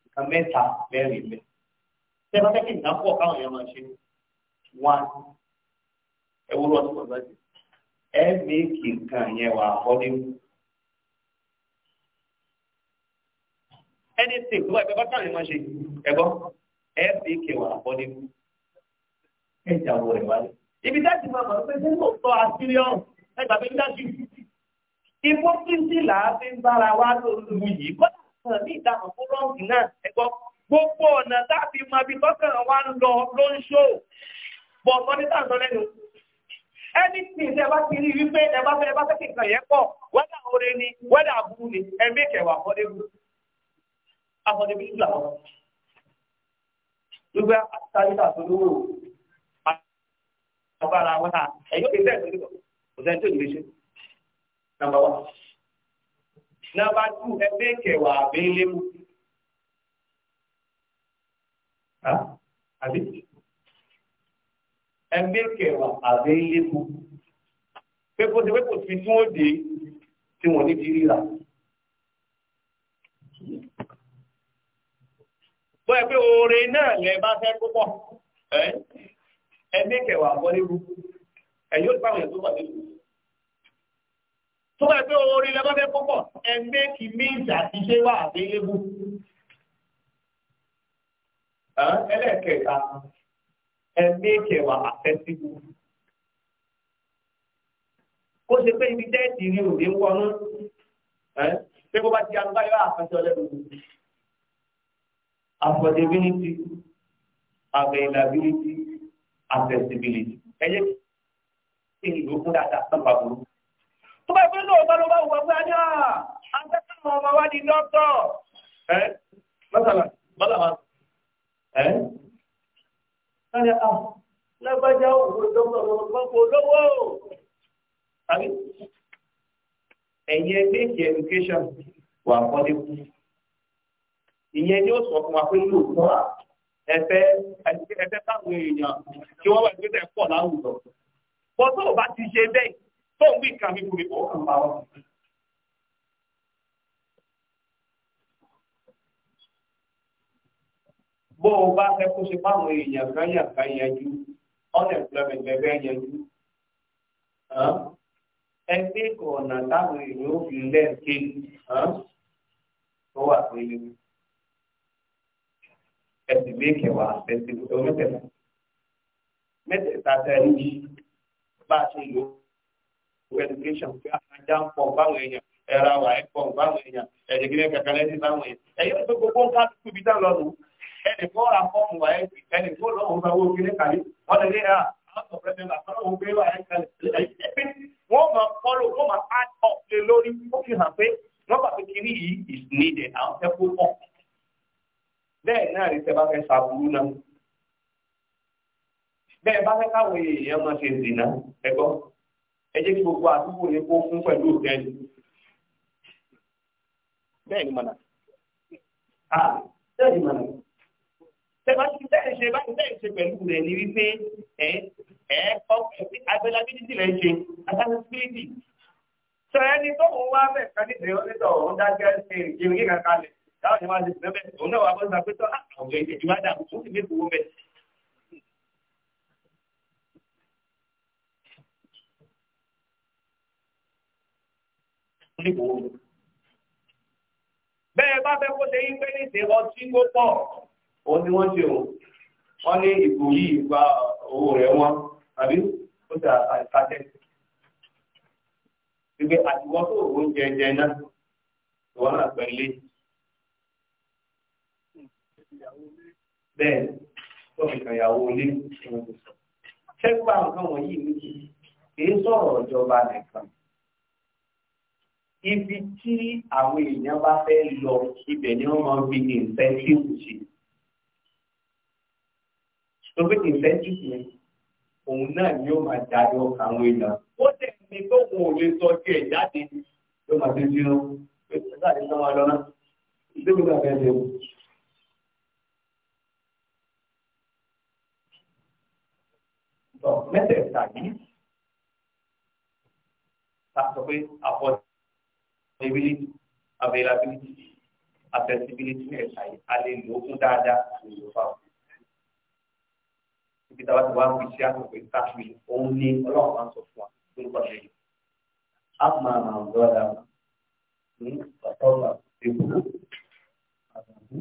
nǹkan mẹ́ta mẹ́rin mẹ́. tẹ́ bá fẹ́ kí nǹkan pọ̀ káwọn èèyàn máa ṣe wọ́n ẹ wúlò ọtí pọ̀ lọ́jọ́ ẹ méèkì nǹkan yẹn wà àkọ́lé wù. ẹni tí ìgbọ́ ẹgbẹ́ bá káwọn èèyàn máa ṣe ẹgbọ́ ẹ méèkì wà àkọ́lé wù. ẹ jà wọ ẹ wálé. ibi dájú máa mọ̀ pé sẹ́ńtò tọ́ àṣírí ọ̀hún ẹ gbàgbé dájú. Ibó títí làá fi ń bára wá lóru yìí. Kọ́lá kan ní ìdáhùn fún lọ́ọ̀gì náà ẹ̀gbọ́n. Gbogbo ọ̀nà táàbí mọ ibi tọ́kàn wa ń lọ ló ń ṣó. Bọ̀ sọ ní tàǹtọ́ lẹ́nu. Ẹni tí ìṣe bá ti rí wípé ẹ bá fẹ́ ẹ bá fẹ́ kí nǹkan yẹn pọ̀, wẹ́dà oore ni, wẹ́dà aburú ni, ẹ mékèwà àfọ́débù. Àfọ́débù ti là wọ́n. Gbogbo àtàlítà tó lówó. Àgbára wọn náà, ẹ̀yọ́ kì Number one. Number two, ẹgbẹ́ kẹwàá abẹ́lé mú. Àbí? Ẹgbẹ́ kẹwàá abẹ́lé mú. Pépò ti pépò ti tún ó dé tí wọ́n ní ti ríra. Bọ́ ẹ pé oore náà lẹ bá fẹ́ púpọ̀. Ẹgbẹ́ kẹwàá abọ́lé mú. Ẹ̀yọ́ ìpàwọ̀ yẹn tó wà nínú tó bá pé orin lọ́wọ́ fẹ́ púpọ̀ ẹ méjì méjì àti ṣé wà àgbélébù. ẹlẹ́kẹ̀ẹ́ta ẹ méjì ẹ̀wà àfẹ́síbù. kó ṣe pé ibi dẹ́ẹ̀tì ni òde ń wọnú pé kó bá ti àgbá yọ àfẹ́sẹ̀ ọlẹ́dùn. affordability availability accessibility ẹ jẹ́ kí n lò ó fún dáadáa sábà burú tó bá fẹ́ lóòótọ́ ló bá wùwọ́ pé a ní ah, àgbẹ̀kọ̀ ọmọ wa di dọ́tọ̀ ẹ́ mọ́sálà bọ́làmà ẹ́ sáré à ah, lágbájá òwò dọ́tọ̀ lọ́wọ́ kò lówó àbí ẹ̀yẹ bẹ́ẹ̀kì education wà kọ́lé kú ìyẹn ni ó sọ fún wa pé lóòótọ́ à ẹ̀fẹ́ ẹ̀fẹ́ táwọn èèyàn tí wọ́n wà ní pẹ́ẹ́tẹ̀ pọ̀ láwùjọ bọ́tọ̀ ò bá ti ṣe bẹ́ẹ̀ tó ń bí nǹkan mi kúrò ọ̀hún máa wọ́n. bó o bá fẹ́ kó ṣe fáwọn èèyàn kan yà kan yanjú unemployment bẹ̀rẹ̀ yanjú ẹgbẹ́ ọ̀nà táwọn èèyàn ò fi lẹ́ẹ̀kẹ́ tó wà fún ilé mi ẹsìn mékèwàá ẹsìn mẹ́tẹ̀ẹ̀ta mẹ́tẹ̀ẹ̀ta tẹ ẹ níbi bá a ṣe lò fún education fún ajá ń pọ̀ báwọn èèyàn ẹ̀rọ àwà ẹ̀ pọ̀ báwọn èèyàn ẹ̀dẹ̀gídẹ̀ kẹ̀kẹ́ lẹ́sìn báwọn èèyàn ẹ̀yọ́ tó gbogbo ń ká tó ibi táwọn lọ́nu ẹnì kó ra fọ́ọ̀mù wa ẹ̀ ẹnì kó lọ́wọ́ sanwó kíní kàlí wọ́n lè rí ra house of residence àtọ́nà òun gbé wa ẹ̀ kẹlẹ̀ wọ́n máa follow wọ́n máa add up lé lórí ó fi hàn pé wọ́n bàtú kíní yìí is needed àwọn fẹ́ kó pọ̀ bẹ́ẹ̀ náà rí sẹ́bà fẹ́ sàbúrú náà bẹ́ẹ̀ bá fẹ́ káwọn èèyàn máa ṣe dènà ẹ̀gbọ́n ẹ jẹ́ kí gbogbo àdúgbò yẹn kó fún pẹ̀lú òtẹ́ẹ̀lì bẹ́ẹ̀ ni mọ̀nà bẹ́ẹ̀ ni mọ̀nà bẹ́ẹ̀ ṣe bẹ́ẹ̀ ṣe pẹ̀lú rẹ̀ ni wípé ẹ ẹ ọkọ̀ abẹ́lábídìtì rẹ̀ ṣe accessibility sọ ẹni tó ń wá bẹ̀ ká nídìí onítọ̀ ọ̀hún dájẹ́ ṣe ìjẹun kíkan kalẹ̀ táwọn ìwádìí bẹ́ẹ̀ òun náà wà bọ́ níbo. bẹ́ẹ̀ bá fẹ́ kó ṣe pé nìṣe ọtí tó pọ̀ ó ní wọ́n ṣe o wọ́n ní ìgò yìí gba owó rẹ̀ wọ́n tàbí ó ṣe tó òun náà náà bẹ́ẹ̀ tó fi kàn ìyàwó ilé nǹkan wọ̀nyí kì í sọ̀rọ̀ ibi tí àwọn èèyàn bá fẹ́ lọ ibẹ̀ ni wọ́n máa ń fi incentive ṣe. tó fi incentive yẹn òun náà ni ó máa darí ọkàn àwọn èèyàn. ó tẹ̀ ní tó wọn ò lè sọ sí ẹ̀ jáde ló máa ti di ọ́n pé ṣáà ní sọ́wọ́n lọ́nà débi náà fẹ́ ṣe. mẹ́tẹ̀ẹ̀ta yìí ta sọ pé àpọ̀jù availability availability accessibility ní ẹ̀ka yìí a lè lò fún dáadáa lè lò fáwọn. ibi táwa ti fi ṣe àpòpẹ́ káfí òun ni ọlọ́run máa ń sọ fún wa lórúkọ ṣe yìí. a máa ràn lọ́dà ní ọ̀tọ́gbà èkó àtàkù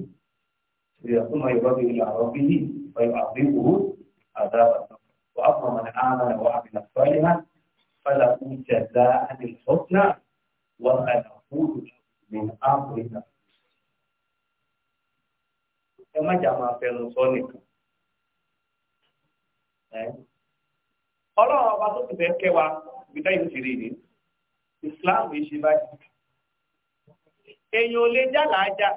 ìrìnàkùn máa yọ̀rọ̀ bíi àrọ̀ bíi ọ̀yọ̀ àbíwò àdáàbà wà á fọmọ ní àmàlà wà á fi nà sọ́ọ́lì hàn fàlàkùn jẹ̀dá àti ìfọ́sínà. وأنا أقول من أمرنا ẹ má jà máa fẹnu sọ nìkan ọlọ́run ọba tó ti fẹ́ kẹ́ wa gbígbá ìṣirí ni Islam yìí ṣe báyìí èèyàn ò lè já làájá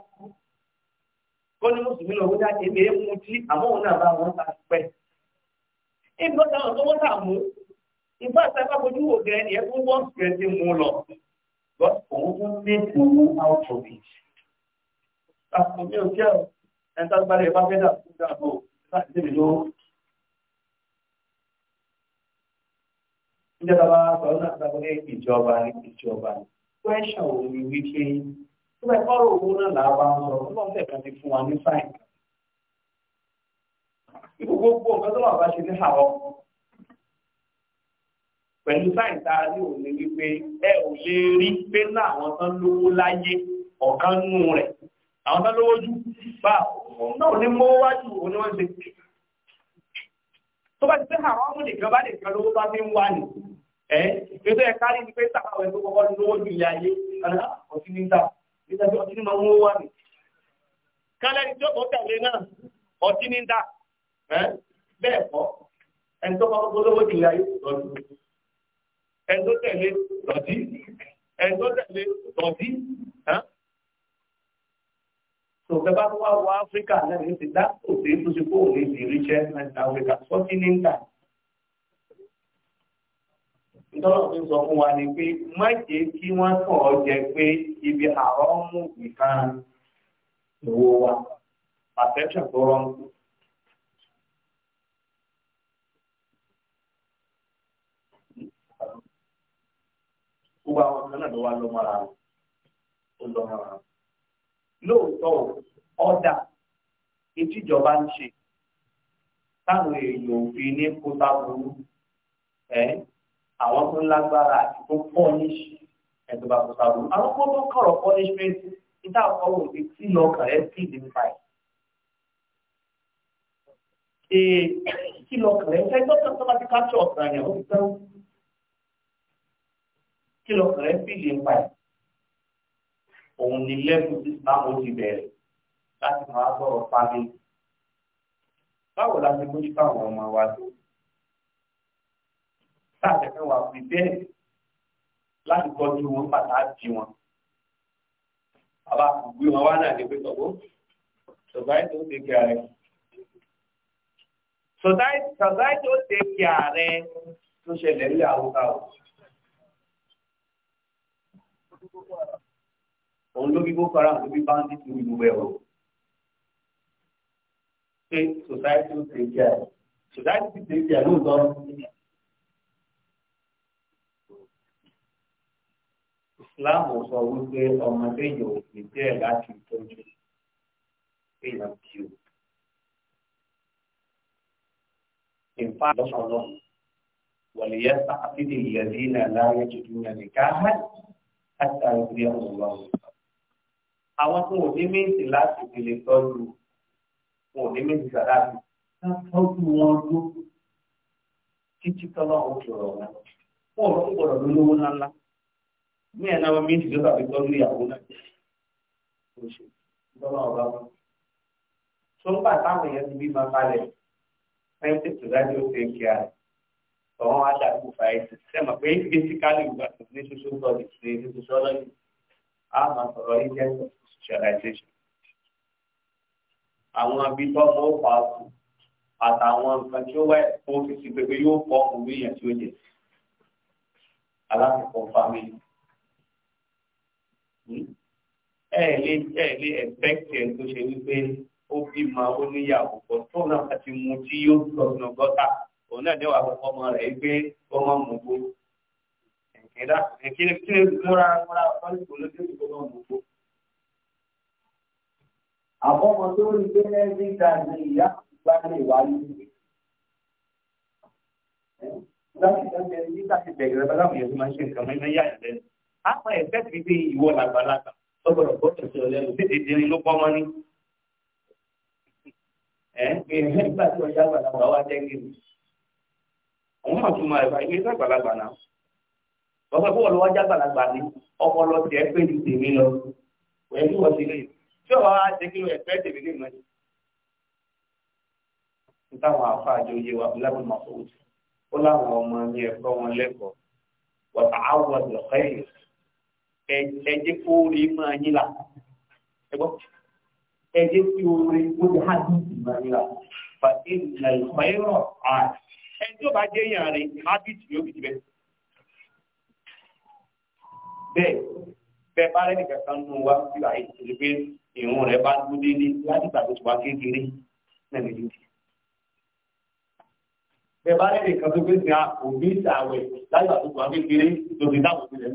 kó ní mùsùlùmí lòun já èmi èé mu tí àmọ́ òun náà bá wọn ta pẹ́ ìgbọ́ta àwọn tó wọ́n tà mú ìgbà tá a bá fojú wò gẹ́rẹ́ ni ẹ fún wọ́n gẹ́rẹ́ ti mú lọ but òun tún ní òun out of it. àpò mi ò kí ẹ̀ ẹ̀ńtà gbára ẹ̀ bá fẹ́ dà fún dàbò láti tẹ̀lé lọ́wọ́. ìjọba wa sọ náà sọ pé ìjọba ni ìjọba ni kwẹ́sàn ò ní wípé tó bá kọ́rọ̀ owó náà là á bá ń sọ ọlọ́run tẹ̀kan ti fún wa ní sáìn. ìgbòho gbogbo nǹkan tó wà bá ṣe ní àwọn pẹ̀lú sáìta ní òní wípé ẹ ò lè rí pé láwọn tán lówó láyé ọ̀kan nù rẹ̀ àwọn tán lówó jù bá náà ní mọ́ wájú òní wọ́n ṣe tó bá ti pé àwọn ọmọ nìkan bá nìkan lówó bá fi ń wà ní ẹ ètò ẹ̀ka rí ni pé sábàwẹ̀ tó kọ́kọ́ lówó ju ilé ayé ah, ọtí ní ta nítorí ọtí ní máa ń wà ní. kálẹ̀ tí ó tẹ̀lé náà ọtí ní ta bẹ́ẹ̀ kọ́ ẹni tó kọ́kọ́ ẹni tó tẹ̀lé dọ̀tí ẹni tó tẹ̀lé dọ̀tí. Tòkẹ́ bá wá wọ Áfíríkà náà ní ti dá òsè tó ṣe kóò ní ti ríṣẹ́ láti Áfíríkà sọ́kí ní ńkà. Ìtọ́lọ̀ ti sọ fún wa ni pé má jẹ́ kí wọ́n kàn ọ́ jẹ pé ibi àárọ̀ mú nìkan ìwo wa. Perception tó rọrùn. gbogbo àwọn kan náà ló wá lọ́mọ́ra wọn ó lọ́mọ́ra wọn. lóòótọ́ ọ̀dà ìtìjọba ń ṣe táwọn èèyàn òfin ní kóta burú ẹ àwọn tó lágbára àti tó pọ́nish ẹ̀dùn bá kóta burú àwọn tó tó kọ̀rọ̀ punishment níta àkọ́wò ti tí lọ́kàn ẹ̀ sí ìdìbò Ee, kí lọ́kàn ẹ̀ fẹ́ tọ́tọ̀ tó bá ti káṣọ̀ ọ̀sán yẹn ó ti tẹ́wọ́ kí lọ́kàn rẹ fìlì ń pa ẹ̀ òun ni lẹ́bù tí ìsìláàmù ti bẹ̀rẹ̀ láti máa sọ̀rọ̀ fámìlì báwo la ti mójú fáwọn ọmọ wa tó sáàtẹ̀fẹ́ wa fi bẹ́ẹ̀ láti tọ́jú wọn pàtàkì wọn bàbá àgbè wọn wá náà ní pé tọ́gbó sọ̀báìtì ó tẹ̀kẹ́ ààrẹ sọ̀báìtì ó tẹ̀kẹ́ ààrẹ tó ṣẹlẹ̀ ní àwùjọ òun ló bí boko haram ló bí bandit ló bí gbogbo ẹ̀ o ṣe society ló ṣe jẹ́ society ti ṣe jẹ́ lóòótọ́ Islam ò sọ wípé ọmọ ẹ̀yọ̀ òfin jẹ́ láti tọ́jú èèyàn bí o. ìfà lọ́sọ̀lọ́ wọ̀lẹ̀yẹ́ sáfìdì ìyẹ̀dí náà láyé jùlọ nìkan láti àrògbé ọ̀gbọ̀n. àwọn tó wọ́n méjì láti ìpele tọ́jú wọn ò ní méjì ká tọ́jú wọn ló títí tọ́lá òun sọ̀rọ̀ wọn. wọn ò lọ́kùn gbọ́dọ̀ lólówó ńláńlá ní ẹ̀ náà méjì ló tọ́jú ìyàwó náà. kò ṣe tọ́lá ọ̀gá wọn. táwọn èèyàn ti bí máa balẹ̀ fẹ́ẹ́ tètè dájú a rẹ̀. tọ́wọ́n wá ṣàkóso fàáyìsì sẹ́mọ̀ pé basically we are ní social studies ní ní sociology a máa sọ̀rọ̀ agent of socialization. àwọn abitọ́ mọ́ pàṣẹ àtàwọn nǹkan tí ó wá ẹ̀kọ́ fífi pépé yóò kọ́ òwe yẹn tí ó yẹ alákọ̀ọ́ family. ẹ hmm? ẹ lè ẹ lè expect ẹ tó ṣe wípé ó bímọ ó níyàwó pọ̀ tó náà àti mu tí yóò sọ̀rọ̀ gọ́tà òun náà níwà àkọ́kọ́ ọmọ rẹ̀ gbé ọmọ mọ̀gbó ẹ̀kẹ́dá ẹ̀kíni kí ni múra múra fọ́lì kò lóde ìgbó ọmọ mọ̀gbó. àkọ́kọ́ tó ń gbé ní ìta ní ìyá ìgbà ní ìwáyé láti ẹgbẹ́ nígbà tí bẹ̀rẹ̀ bá láwọn yẹn tó máa ń ṣe nǹkan mọ́ iná yá ìlẹ́nu. a pa ẹ̀fẹ́ ti fi ìwọ làgbàlagbà lọ́gbọ̀dọ̀ gbọ́dọ̀ sí ọlẹ́nu tètè dín ló pọ́ mọ́ ní. ẹ ẹ nígbà tí ọjà àgbàlagbà wá jẹ́ kí àwọn máa túmọ̀ ẹ̀fà ìwé sàgbàlagbà náà lọ́sọ̀ fún ọ̀lọ́wọ́ jágbàlagbà ni ọpọlọ tiẹ̀ pé ju tèmi lọ wẹ́n tí wọ́n ti lè tí ọ̀rọ̀ wa ṣe kí ló ẹ̀fẹ́ tèmi lè mọ́ni. nítawọn afa àjọ yé wa lábẹ́ màfọ́wọ́ ó láwọn ọmọ mi ẹ̀kọ́ wọn lẹ́kọ̀ọ́ wọ́tà áwọ̀ lọ́kọ́ ẹ̀jẹ̀ kórè máa yín la ẹ̀gbọ́n ẹ̀jẹ̀ kórè ó ti há ẹni tí ó bá jẹ́ èèyàn rẹ̀ habit yóò fi jibẹ́. bẹ́ẹ̀ bẹ́ẹ̀ bá rẹ̀ nìkan kan nù wá sí àyè ìṣẹ̀lẹ̀ pé ìrun rẹ̀ bá dúró délé láti ìgbà tó ti wá kékeré náà lè dìde. bẹ́ẹ̀ bá rẹ̀ nìkan tó gbèsè òbí ìsàwẹ̀ láti ìgbà tó ti wá kékeré lòdì táwọn òbí rẹ̀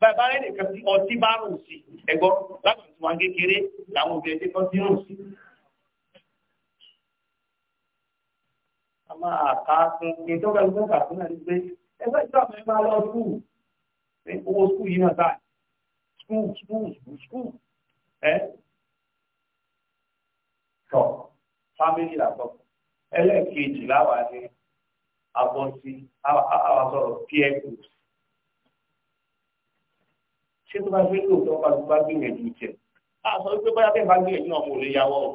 bẹ́ẹ̀ bá rẹ̀ nìkan tí ọtí bá rùn sí ẹ̀gbọ́n láti ìgbà wá kékeré làwọn òbí ẹ̀ máa kà á fún kí n tó kẹ́ ló kà fún náà ni pé ẹgbẹ́ ìjọba mi máa lọ skul ní owó skul yìí náà báyìí skul skul skul skul ẹ tọ fámìlì làbọ̀ ẹlẹ́ẹ̀kejì láwa ni abọ́ sí àwa sọ̀rọ̀ peer group ṣé tó bá gbé lóòótọ́ bá gbé gbìyànjú jẹ àṣọ wípé bóyá bẹ́ẹ̀ bá gbìyànjú náà mo lè yàwọ́ ọ̀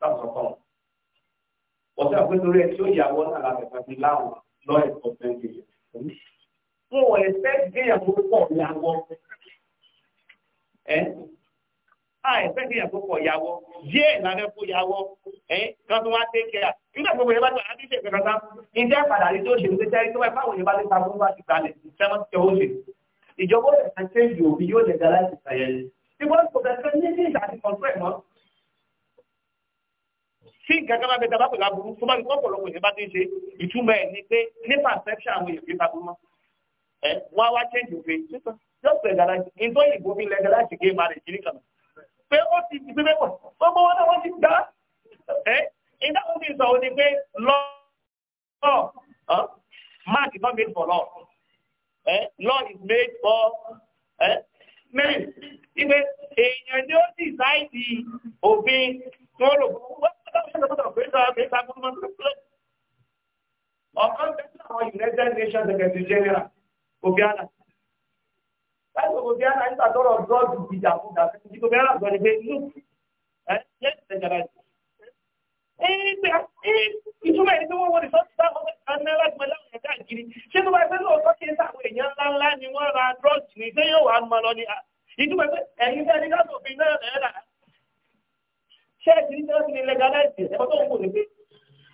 láwùjọ kọ́ ọ̀sẹ̀ àpẹtọrẹ tí ó yàwọ́ náà láti pàṣẹ láwọn lọ́ọ̀ẹ̀ ọ̀sẹ̀ nìyẹn. mo wọ̀ ẹ̀fẹ́ gbéyàn tó pọ̀ yàwọ́ ẹ̀ á ẹ̀fẹ́ gbéyàn tó pọ̀ yàwọ́ díẹ̀ làwọn ẹ̀fọ́ yàwọ́ ẹ̀ kan tó wá dé kẹ́yà nígbà gbogbo yẹn bá tó àti ìṣègùn kankan ìjẹ́ àpàdà àti tó ṣèlú tẹ́tẹ́ tó wáyé báwo yẹn bá lè ta fún wá ti gbalẹ̀ sẹ́wọ́n ti tẹ́wọ́ ṣe ìjọba ó lè ṣe yòòbí yóò lè ga láti ṣàyẹ̀yẹ. ìbọn kò fẹ́ fẹ́ ní ní ìdájí kan tí nǹkan kan bá bẹ dábàá pẹ̀lú aburú tó bá ní pọ̀pọ̀lọpọ̀ ìyẹn bá ti ń ṣe ìtumọ̀ ẹ̀ ni pé ní perception àwọn èèyàn kìí taburú mọ́ ẹ wọ́n á wá change òfin just legalize ìtọ́ ìbò mi legalize gay marriage kìíní kan pé ó ti di pípẹ́ pọ̀ gbogbo wọn náà wọ́n ti gbà ẹ ìdá wọn ti sọ ọ ni pé law mark is not made for law eh? law is made for eh? men ìgbé èèyàn ni ó ti ṣáìdì òfin àbí ìtàkùn máa ń tẹ̀lé. ọ̀kan tẹ̀lé àwọn United Nations Secretary General Obiara. láìpẹ́ Obiara nígbà tọrọ drọ́ọ̀dù ìjà fún ìjà fún ìjà Obiara sọ ni pé look ẹ̀ ẹ́ ṣẹ̀jẹ̀ ìtumọ̀ ẹni tó wọ́n wọ́n ní sọ́ọ́tù táwọn ọmọ láti mọ láwọn ẹ̀ka ìkiri ṣé tó bá ẹgbẹ́ náà sọ́ọ́tù yẹn táwọn èèyàn ńlá ńlá ni wọ́n ra drugs ní ṣé yóò wá mọ lọ ní. ìtumọ̀ ẹgbẹ́ ẹ̀yin tẹ́ ṣẹ́ẹ̀tì ní sẹ́ẹ̀tì ní legalize ẹ̀kọ́ tó ń kò ní pé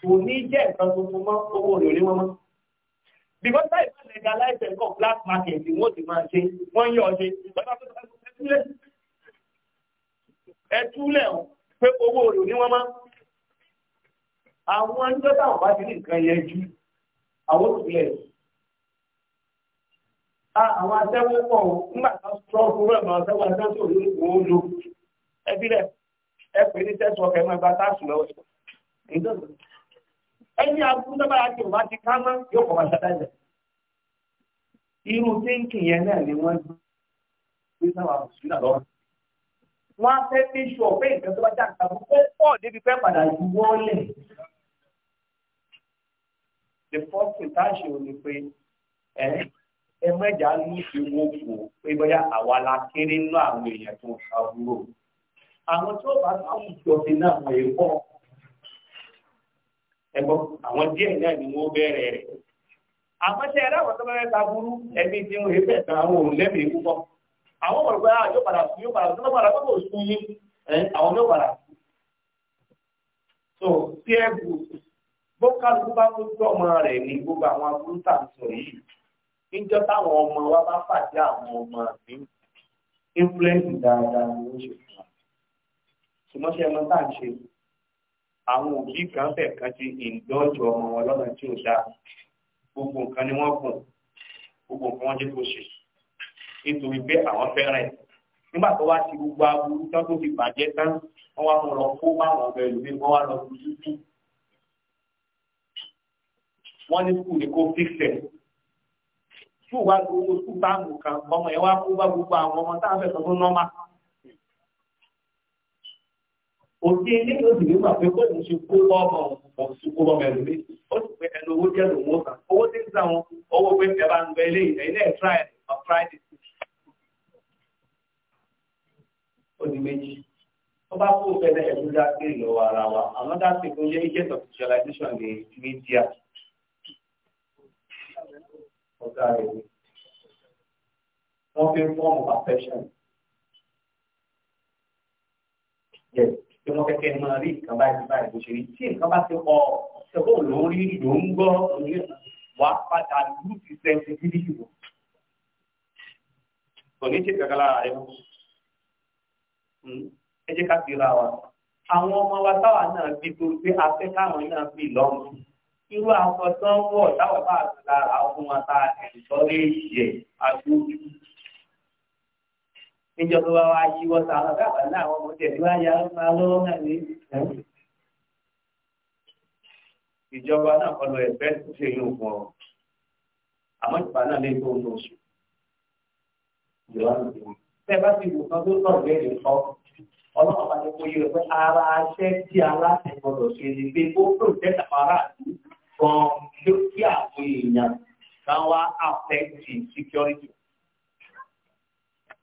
kò ní jẹ́ nǹkan tuntun mọ́ owó rẹ̀ ní wọ́n mọ́. because táyì bá legalize ẹ̀kọ́ black market wọ́n ti máa ṣe wọ́n yọ̀ ṣe ẹtúlẹ̀ pé owó rẹ̀ ní wọ́n mọ́. àwọn ẹjọ́ táwọn bá ti ní nǹkan yẹn ju àwọn òṣìlẹ̀ àwọn atẹ́wọ́ pọ̀ nígbà tó strong fún rẹ̀ mọ́ àtẹ́wọ́ atẹ́wọ́ tó ní òun lò ẹbí ẹ pè ní tẹ́sí ọkọ̀ ẹ̀ máa gba táàsì ẹni abúlé tó bá yà kí o bá ti ká mọ́ yóò kọ́ máa ṣàtàjẹ́ irú tíǹkì yẹn náà ni wọ́n gbé sáwà mùsùlùmí lọ́wọ́ wọ́n á fẹ́ fi ṣọ pé ìfẹ́ tó bá jà nípa kó pọ̀ débi fẹ́ padà yí wọ́lẹ̀ the first thing tá a ṣe ò ní pé ẹ ẹ mẹ́jà ló ti wo kò pé bóyá àwa la kéré nínú àwọn èèyàn tó ń ka àwọn tí ó bá sáwọn ìjọsìn náà wọ̀ ẹ̀kọ́ àwọn díẹ̀ náà ni wọ́n bẹ̀rẹ̀ rẹ̀ àwọn tó bẹ̀rẹ̀ ta burú tí wọ́n fẹ́ ta àwọn òun lẹ́mìí púpọ̀ àwọn ọmọ so tí ẹ bù bá tó tó ọmọ rẹ̀ ní gbogbo àwọn aburú tà ń sọ yìí níjọ́ táwọn ọmọ wa ṣùgbọ́n ṣe ẹmọ tá à ń ṣe àwọn òbí kan fẹ̀ kan ti ìdọ́jú ọmọ wọn lọ́nà tí ò dáa gbogbo nǹkan ni wọ́n gùn gbogbo nǹkan wọ́n jẹ́ kó ṣe nítorí pé àwọn fẹ́ràn ẹ̀ nígbà tó wá ti gbogbo aburú tán tó fi bàjẹ́ tán wọ́n wá mú lọ kó báwọn ọbẹ̀ lómi wọ́n wá lọ dúdú bí wọ́n ní sùkúl ní kó fífẹ̀ tí wá gbogbo sùkúl báàmù kan ọmọ yẹn wá kó bá gbogbo àwọn ọmọ tá fẹ́ sọ fún nọ́mà òde ilé yóò sì nígbà pé bóun ṣe kó bọ́ọ̀mọ̀ òun ṣe kó bọ́ọ̀mọ̀ ẹ̀rù mi ó sì pé ẹnu owó jẹ́ lòun ó kà owó tí ń sàn wọn owó pé ẹ bá ń gbẹ ilé ìlẹ̀ ilé ẹ̀ try on Friday. ó di méjì tó bá kó fẹ́lẹ́ ẹ̀rú dá sí ìlọ́wọ́ ara wa àwọn dá sí fún yẹ iṣẹ́ socialization ní media. wọ́n fi ń fọ́ọ̀mù perfection. Yes tí wọ́n fẹ́ kẹ́ ẹ máa rí nǹkan báyìí báyìí bó ṣe rí tí nǹkan bá ti kọ ṣẹ́kọ̀ ló ń rí ló ń gbọ́ òye wà á padà lù ti sẹ́ńtì bíbí ìwò. kò ní ṣe kankan lára rẹ mọ́ hmm? ẹ jẹ́ ká fi ra wa àwọn ọmọ wa táwa náà bí tó pé afẹ́ káwọn náà bí lọ́mù irú aṣọ tán wọ̀ táwọn bá a ti lára fún wa tá a ti sọ lé yẹ aṣojú níjọ tó wá wá yí wọ́n sá lọ káàbà náà àwọn ọmọdé tí wọ́n yá máa lọ́wọ́ náà ní ìjọba náà kọ́ lọ ẹ̀fẹ́ tó ṣe yóò fún ọ àmọ́ ìgbà náà lè tó oṣù oṣù ìjọba náà tó wọn. bẹ́ẹ̀ bá ti wù kan tó tọ̀ lẹ́yìn nǹkan ọlọ́run bá ní kó yẹ pé ara aṣẹ́ tí aláṣẹ gbọdọ̀ ṣe ni pé ó tó ìtẹ́ta para gan-an kí àwọn èèyàn kan wá affect security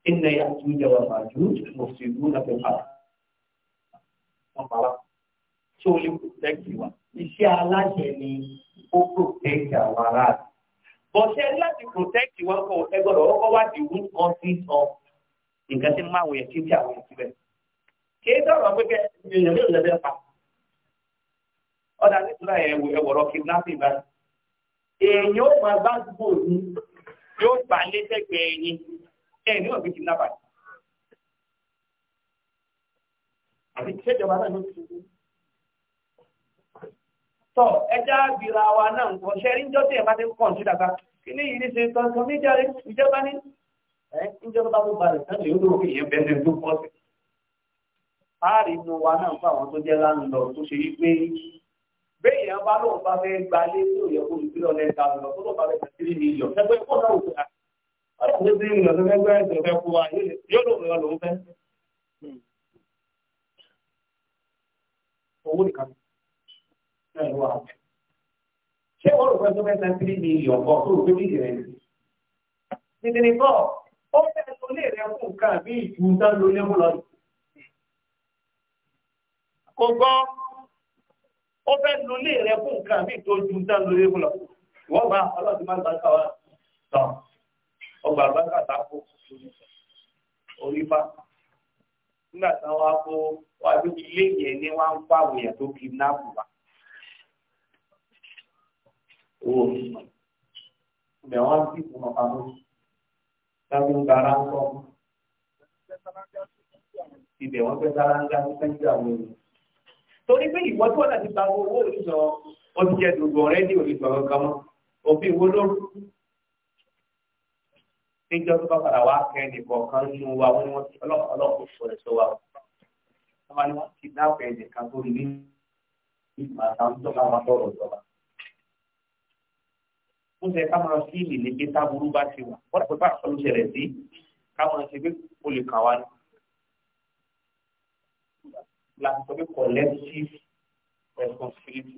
inna yàtúnjẹ wà màjúùj mufsiduna fil ard wọn bá wa tí ó lè protect wa iṣẹ́ aláṣẹ ni ó protect àwọn ará rẹ̀ bọ̀ṣẹ́ láti protect wa kọ ẹ gbọ́dọ̀ ọkọ̀ wá di root causes of nǹkan tí máa wòye kíkí àwọn èèyàn síbẹ̀ kì í sọ̀rọ̀ pé kẹ́ èèyàn lè lẹ́bẹ̀ pa ọ̀dà nítorí ẹ̀wọ̀ ẹ̀wọ̀rọ̀ kidnapping báyìí èèyàn ó máa gbá àdúgbò yìí yóò gbà lẹ́sẹ̀gbẹ̀ẹ́ yìí. ẹ̀ ní ọ̀gbìn ti nábàá. ṣèjọba náà ló ti ṣe tọ ẹja bìrà wa náà ń kọ ṣẹ́rí ńjọ́ ẹ̀ bá ti ń sí dàgbà kí ni ìrísí tọ́tọ́ níjàre ìjọba ní ẹ̀ ńjọba bá tó balẹ̀ sẹ́ni yóò lóko ìyẹn bẹ́ẹ̀ ní tó pọ̀ sí. páàrí inú wa náà fún àwọn tó jẹ́ láńlọ tó ṣe wípé béèyàn bá lóun bá fẹ́ gbalé yẹ kó lọ Àkókò tí ìrìnà tó fẹ́ gbá ẹ̀sìn fẹ́ fún wa yóò lò lọ lòún fẹ́. Owó nìkan náà ló wà. Ṣé wọ́n rò pé tó fẹ́ san tírí ní ìyọ̀kọ̀ tó rò pé bí ìrìn rẹ̀? Nítorí bọ́, ó fẹ́ lo ilé rẹ̀ fún nǹkan bí ìjú ń dán lo ilé lọ. Kò ó fẹ́ lo ilé rẹ̀ fún nǹkan bí ìtọ́jú ń dán lo ilé lọ. Ìwọ́n bá ọlọ́dún ọgbà àgbàkàtà kó orí bá nígbà tí wọn kó wọn àti ilé yẹn ni wọn ń pa àwọn èèyàn tó kidnap wa owó ìgbà wọn ń dìbò ọba mọ sábẹ́ ń bara ń kọ́ ibẹ̀ wọn fẹ́ sára ń ga ní sẹ́ńtì àwọn èèyàn torí pé ìwọ tí wọn àti gba owó òṣìṣọ ọdún jẹ dòdò ọ̀rẹ́ ní òṣìṣọ kankan mọ́ òfin ìwọ lóru níjọ́ tó bá padà wá kẹ́ nìkan kan nínú wa wọ́n ní wọ́n ti ọlọ́pàá sọ ẹ̀sọ́ wa wọ́n máa ní wọ́n ti dáàbò ẹ̀jẹ̀ kan tó ní ìgbà táwọn tó máa máa tọrọ ìjọba. ó ṣe ká máa fi ìlè pé táburú bá ti wà wọ́n pẹ́ bá àkọlù ṣẹlẹ̀ sí ká máa ṣe pé o lè kàn wá ní. láti sọ pé collective responsibility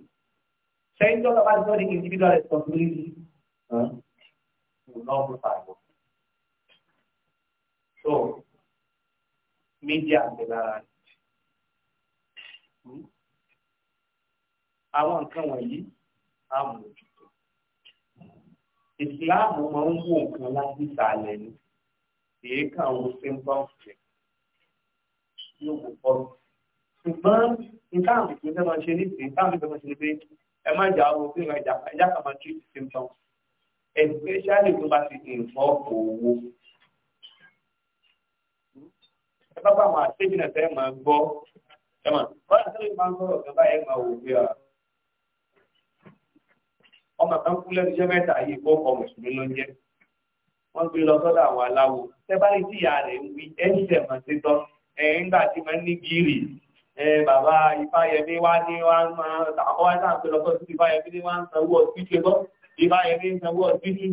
ṣé ìjọba bá ti sọ ní individual responsibility hm? kò náà mú sàgbọ̀ tó méjì àgbẹ̀ lára rẹ̀ hmm? àwọn nǹkan wọ̀nyí á mójútó ìsìláàmù máa ń wò nǹkan láti ìsàlẹ̀ ni èyí kan wo simple thing yóò wò pọ̀ ṣùgbọ́n nǹkan àbùkù tẹ́ máa ṣe nísìnyí nǹkan àbùkù tẹ́ máa ṣe ni pé ẹ má jà owó fún ìrìn àjà ẹ̀já kan máa treat symptoms especially tó bá ti involve owó bá bá àwọn àṣejì náà sẹ́yìn máa gbọ́ ẹ mọ̀ bọ́lá sẹ́yìn máa ń sọ̀rọ̀ kan báyẹn máa wò pé ọmọ kan kú lẹ́nu iṣẹ́ mẹ́ta yìí kó ọkọ̀ mùsùlùmí ló ń jẹ́ wọ́n gbé lọ sọ́dọ̀ àwọn aláwo tẹ́ bá rí tíyà rẹ̀ ń wí ẹ̀ ń tẹ̀ mọ̀ sí tán ẹ̀ ń gbà tí máa ń ní gírì bàbá Ifáyẹmí wá ní wá ń máa àwọn wá sáà pé lọ sọ́dọ̀ Ifáyẹmí ní wá ń sanwó ọtí ṣe tán Ifáyẹmí ń sanwó ọtí ṣe.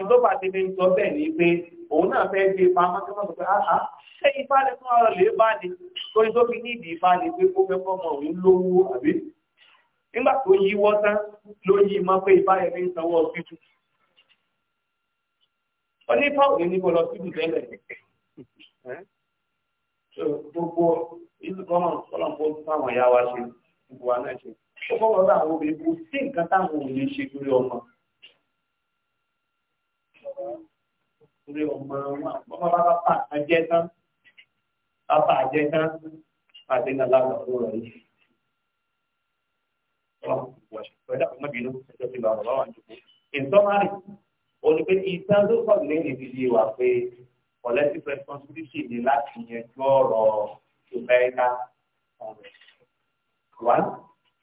ìtọ́pàá ti fi sọ bẹ́ẹ̀ ni pé òun náà fẹ́ gbé e pamọ́ kí wọ́n sọ pé áhà ah, ah, ṣé lè fún ọ̀rọ̀ lè bá ní torí tó fi ní ìdí ifá ni pé ó fẹ́ fọ́mọ òun lówó àbí nígbà tó yí wọ́ tán ló yí mọ́ pé ifá yẹn fi ń sanwó ọsibítù ó ní ifá òun ní kó lọ síbù tẹ́lẹ̀ gbogbo ìlú kan ọlọ́pọ̀ táwọn ìyá wa ṣe gbogbo wa náà ṣe ó kọ́ wọ́n bá àwọn obìnrin kò sí nǹkan táwọn ò ṣe lórí ọmọ orí ọmọ wọn ọmọ bàbá bá àjẹ tán bàbá àjẹ tán àti nàlá àgbàdo rẹ yìí. Pẹ̀lú àwọn ọmọbìnrin ẹjọ́ ti lọ ọ̀rọ̀ bá wà nípò. Ìtọ́márì olùgbé ìtàn tó kọ̀ lé ìdílé wa pé collective responsibility ni láti yanjú ọ̀rọ̀ ìfẹ́ẹ́ká ọ̀rẹ́. Wá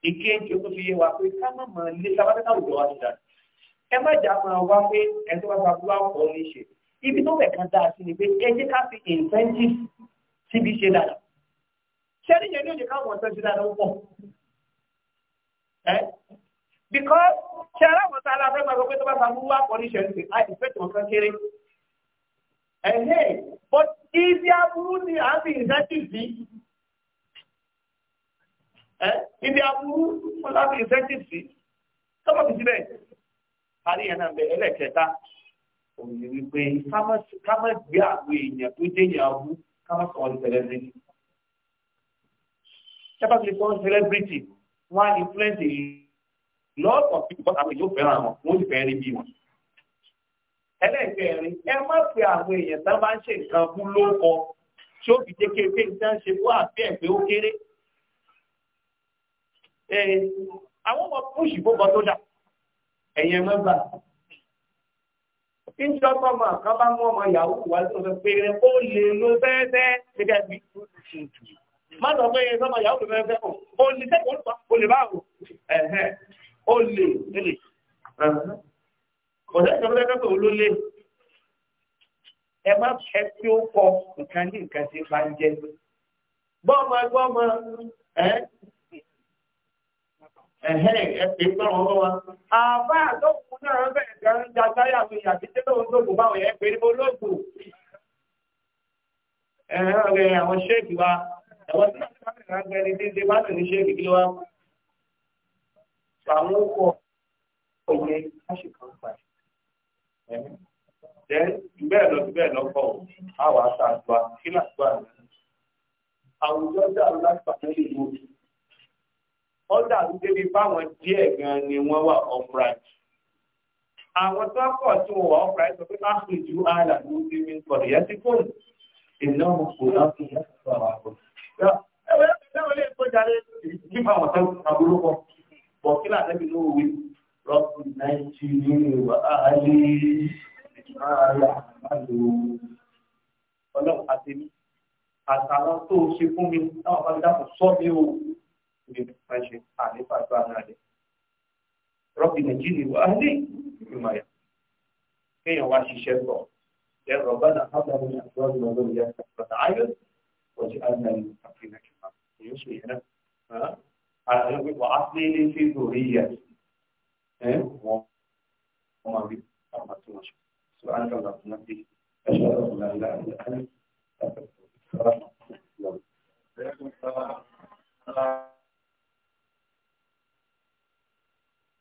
ìkéjì tó fi yé wa pé ká má máa lé sábàtà àwùjọ wa ti dà. Ẹ má jà máa wá pé ẹni tó bá fa búlá ní ìṣèlú ibi tó fẹ̀kan dáa sí ni pé ẹjẹ́ ká fi incentive síbi ṣe dáadáa ṣé ní yẹn ní òye káwọn ọ̀sán ṣe dáadáa púpọ̀ because ṣe aláwọ̀ tá a la fẹ́ máa sọ pé tó bá sàmú wá pọ̀ ní ṣẹ̀ǹsì á ti fẹ́ẹ̀tì wọn kan kéré ẹ̀hẹ́ but ibi aburú ni à ń fi incentive bí ẹ́ ibi aburú wọn láti incentive sí tọ́pọ̀ fi síbẹ̀ àríyànnà bẹ̀ ẹlẹ́kẹta òun ni wípé ká má gbé àwọn èèyàn tó jẹ́ èèyàn abú ká má sọ wọn di celebrity. Ṣẹ́pà ti sọ celebrity wọ́n á influence a lot of people àwọn èèyàn fẹ́ràn wọn wọ́n sì fẹ́ rí bí wọn. Ẹlẹ́gbẹ̀rin ẹ má pe àwọn èèyàn tán bá ń ṣe nǹkan fún lóko tí ó fi jẹ́ kí ebi nǹkan ṣe fún àbí ẹ̀gbẹ́ ó kéré. Àwọn ọmọ púùsì gbogbo tó dà ẹ̀yìn ẹ̀ mọ́ gbà níjọ́ tó ọmọ kan bá mú ọmọ ìyàwó wà tó sọ pé ó lè lo fẹ́ẹ́fẹ́ gẹ́gẹ́ bí má sọ pé ọmọ ìyàwó ló fẹ́ẹ́fẹ́ o ó lè sẹ́kọ̀ọ́ olùpa ó lè báwo ẹ̀hẹ́ ó nílè ọ̀sẹ̀ ìjọba fẹ́ẹ́fẹ́ pé olólè ẹ má fẹ́ tí ó kọ nǹkan ní nǹkan ṣe máa ń jẹ gbọ́mọ gbọ́mọ ẹ̀ ẹ̀hẹ́ ẹ̀pẹ́ tọrọ ọwọ́ wa. àbá àtọ́kùn náà bẹ̀rẹ̀ gan ń ja táyà mi àti tẹ́lẹ̀ olóògùn báwọn yẹn pé níbo olóògùn. ẹ̀hẹ́ ọ̀rẹ́ àwọn ṣéèkì wa ẹ̀wọ́n tí wọ́n ti máa ń rìn ní bá ṣéèkì kí ló wá. àwọn ọkọ̀ pa bẹ́ẹ̀ lọ sí bẹ́ẹ̀ lọ́kọ̀ ọ́dà tó débi báwọn díẹ̀ gan ni wọ́n wà upright. àwọn tó pọ̀ tí wọ́n wà upright sọ pé má fi ju ààlà ló ti mi sọ̀rọ̀ yẹn ti fóònù iná kò láti yẹn sọ̀rọ̀ àbọ̀. ẹ̀wọ̀n ẹ̀wọ̀n lè tó jáde kí báwọn tó àbúrò pọ̀ bọ̀ kí làtẹ́ mi ló wí rọ́pù nàìjíríà wà á lè ọlọ́run àti àtàwọn tó ṣe fún mi táwọn bá mi sọ́ mi o. ní ìdúpẹ́ ṣe ànífà tó àná rẹ̀ rọ́bì nàìjíríà wà á lè ìmọ̀ yà kéèyàn wá ṣiṣẹ́ pọ̀ ẹ̀rọ bá nà ábà ní àjọ ìwọ̀n lórí ẹ̀ ṣàkóso ayọ̀ ọjọ́ àná ní àfihàn ìjọba èyí ṣe yẹn náà àwọn ẹgbẹ́ wà á lé ní fi lórí yẹ ẹ̀ wọ́n máa rí àwọn àti wọn ṣe sọ àjọ ìwọ̀n lórí ẹ̀ṣọ́ ìwọ̀n lórí ẹ̀ṣọ́ ìwọ̀n lórí ẹ̀ṣọ́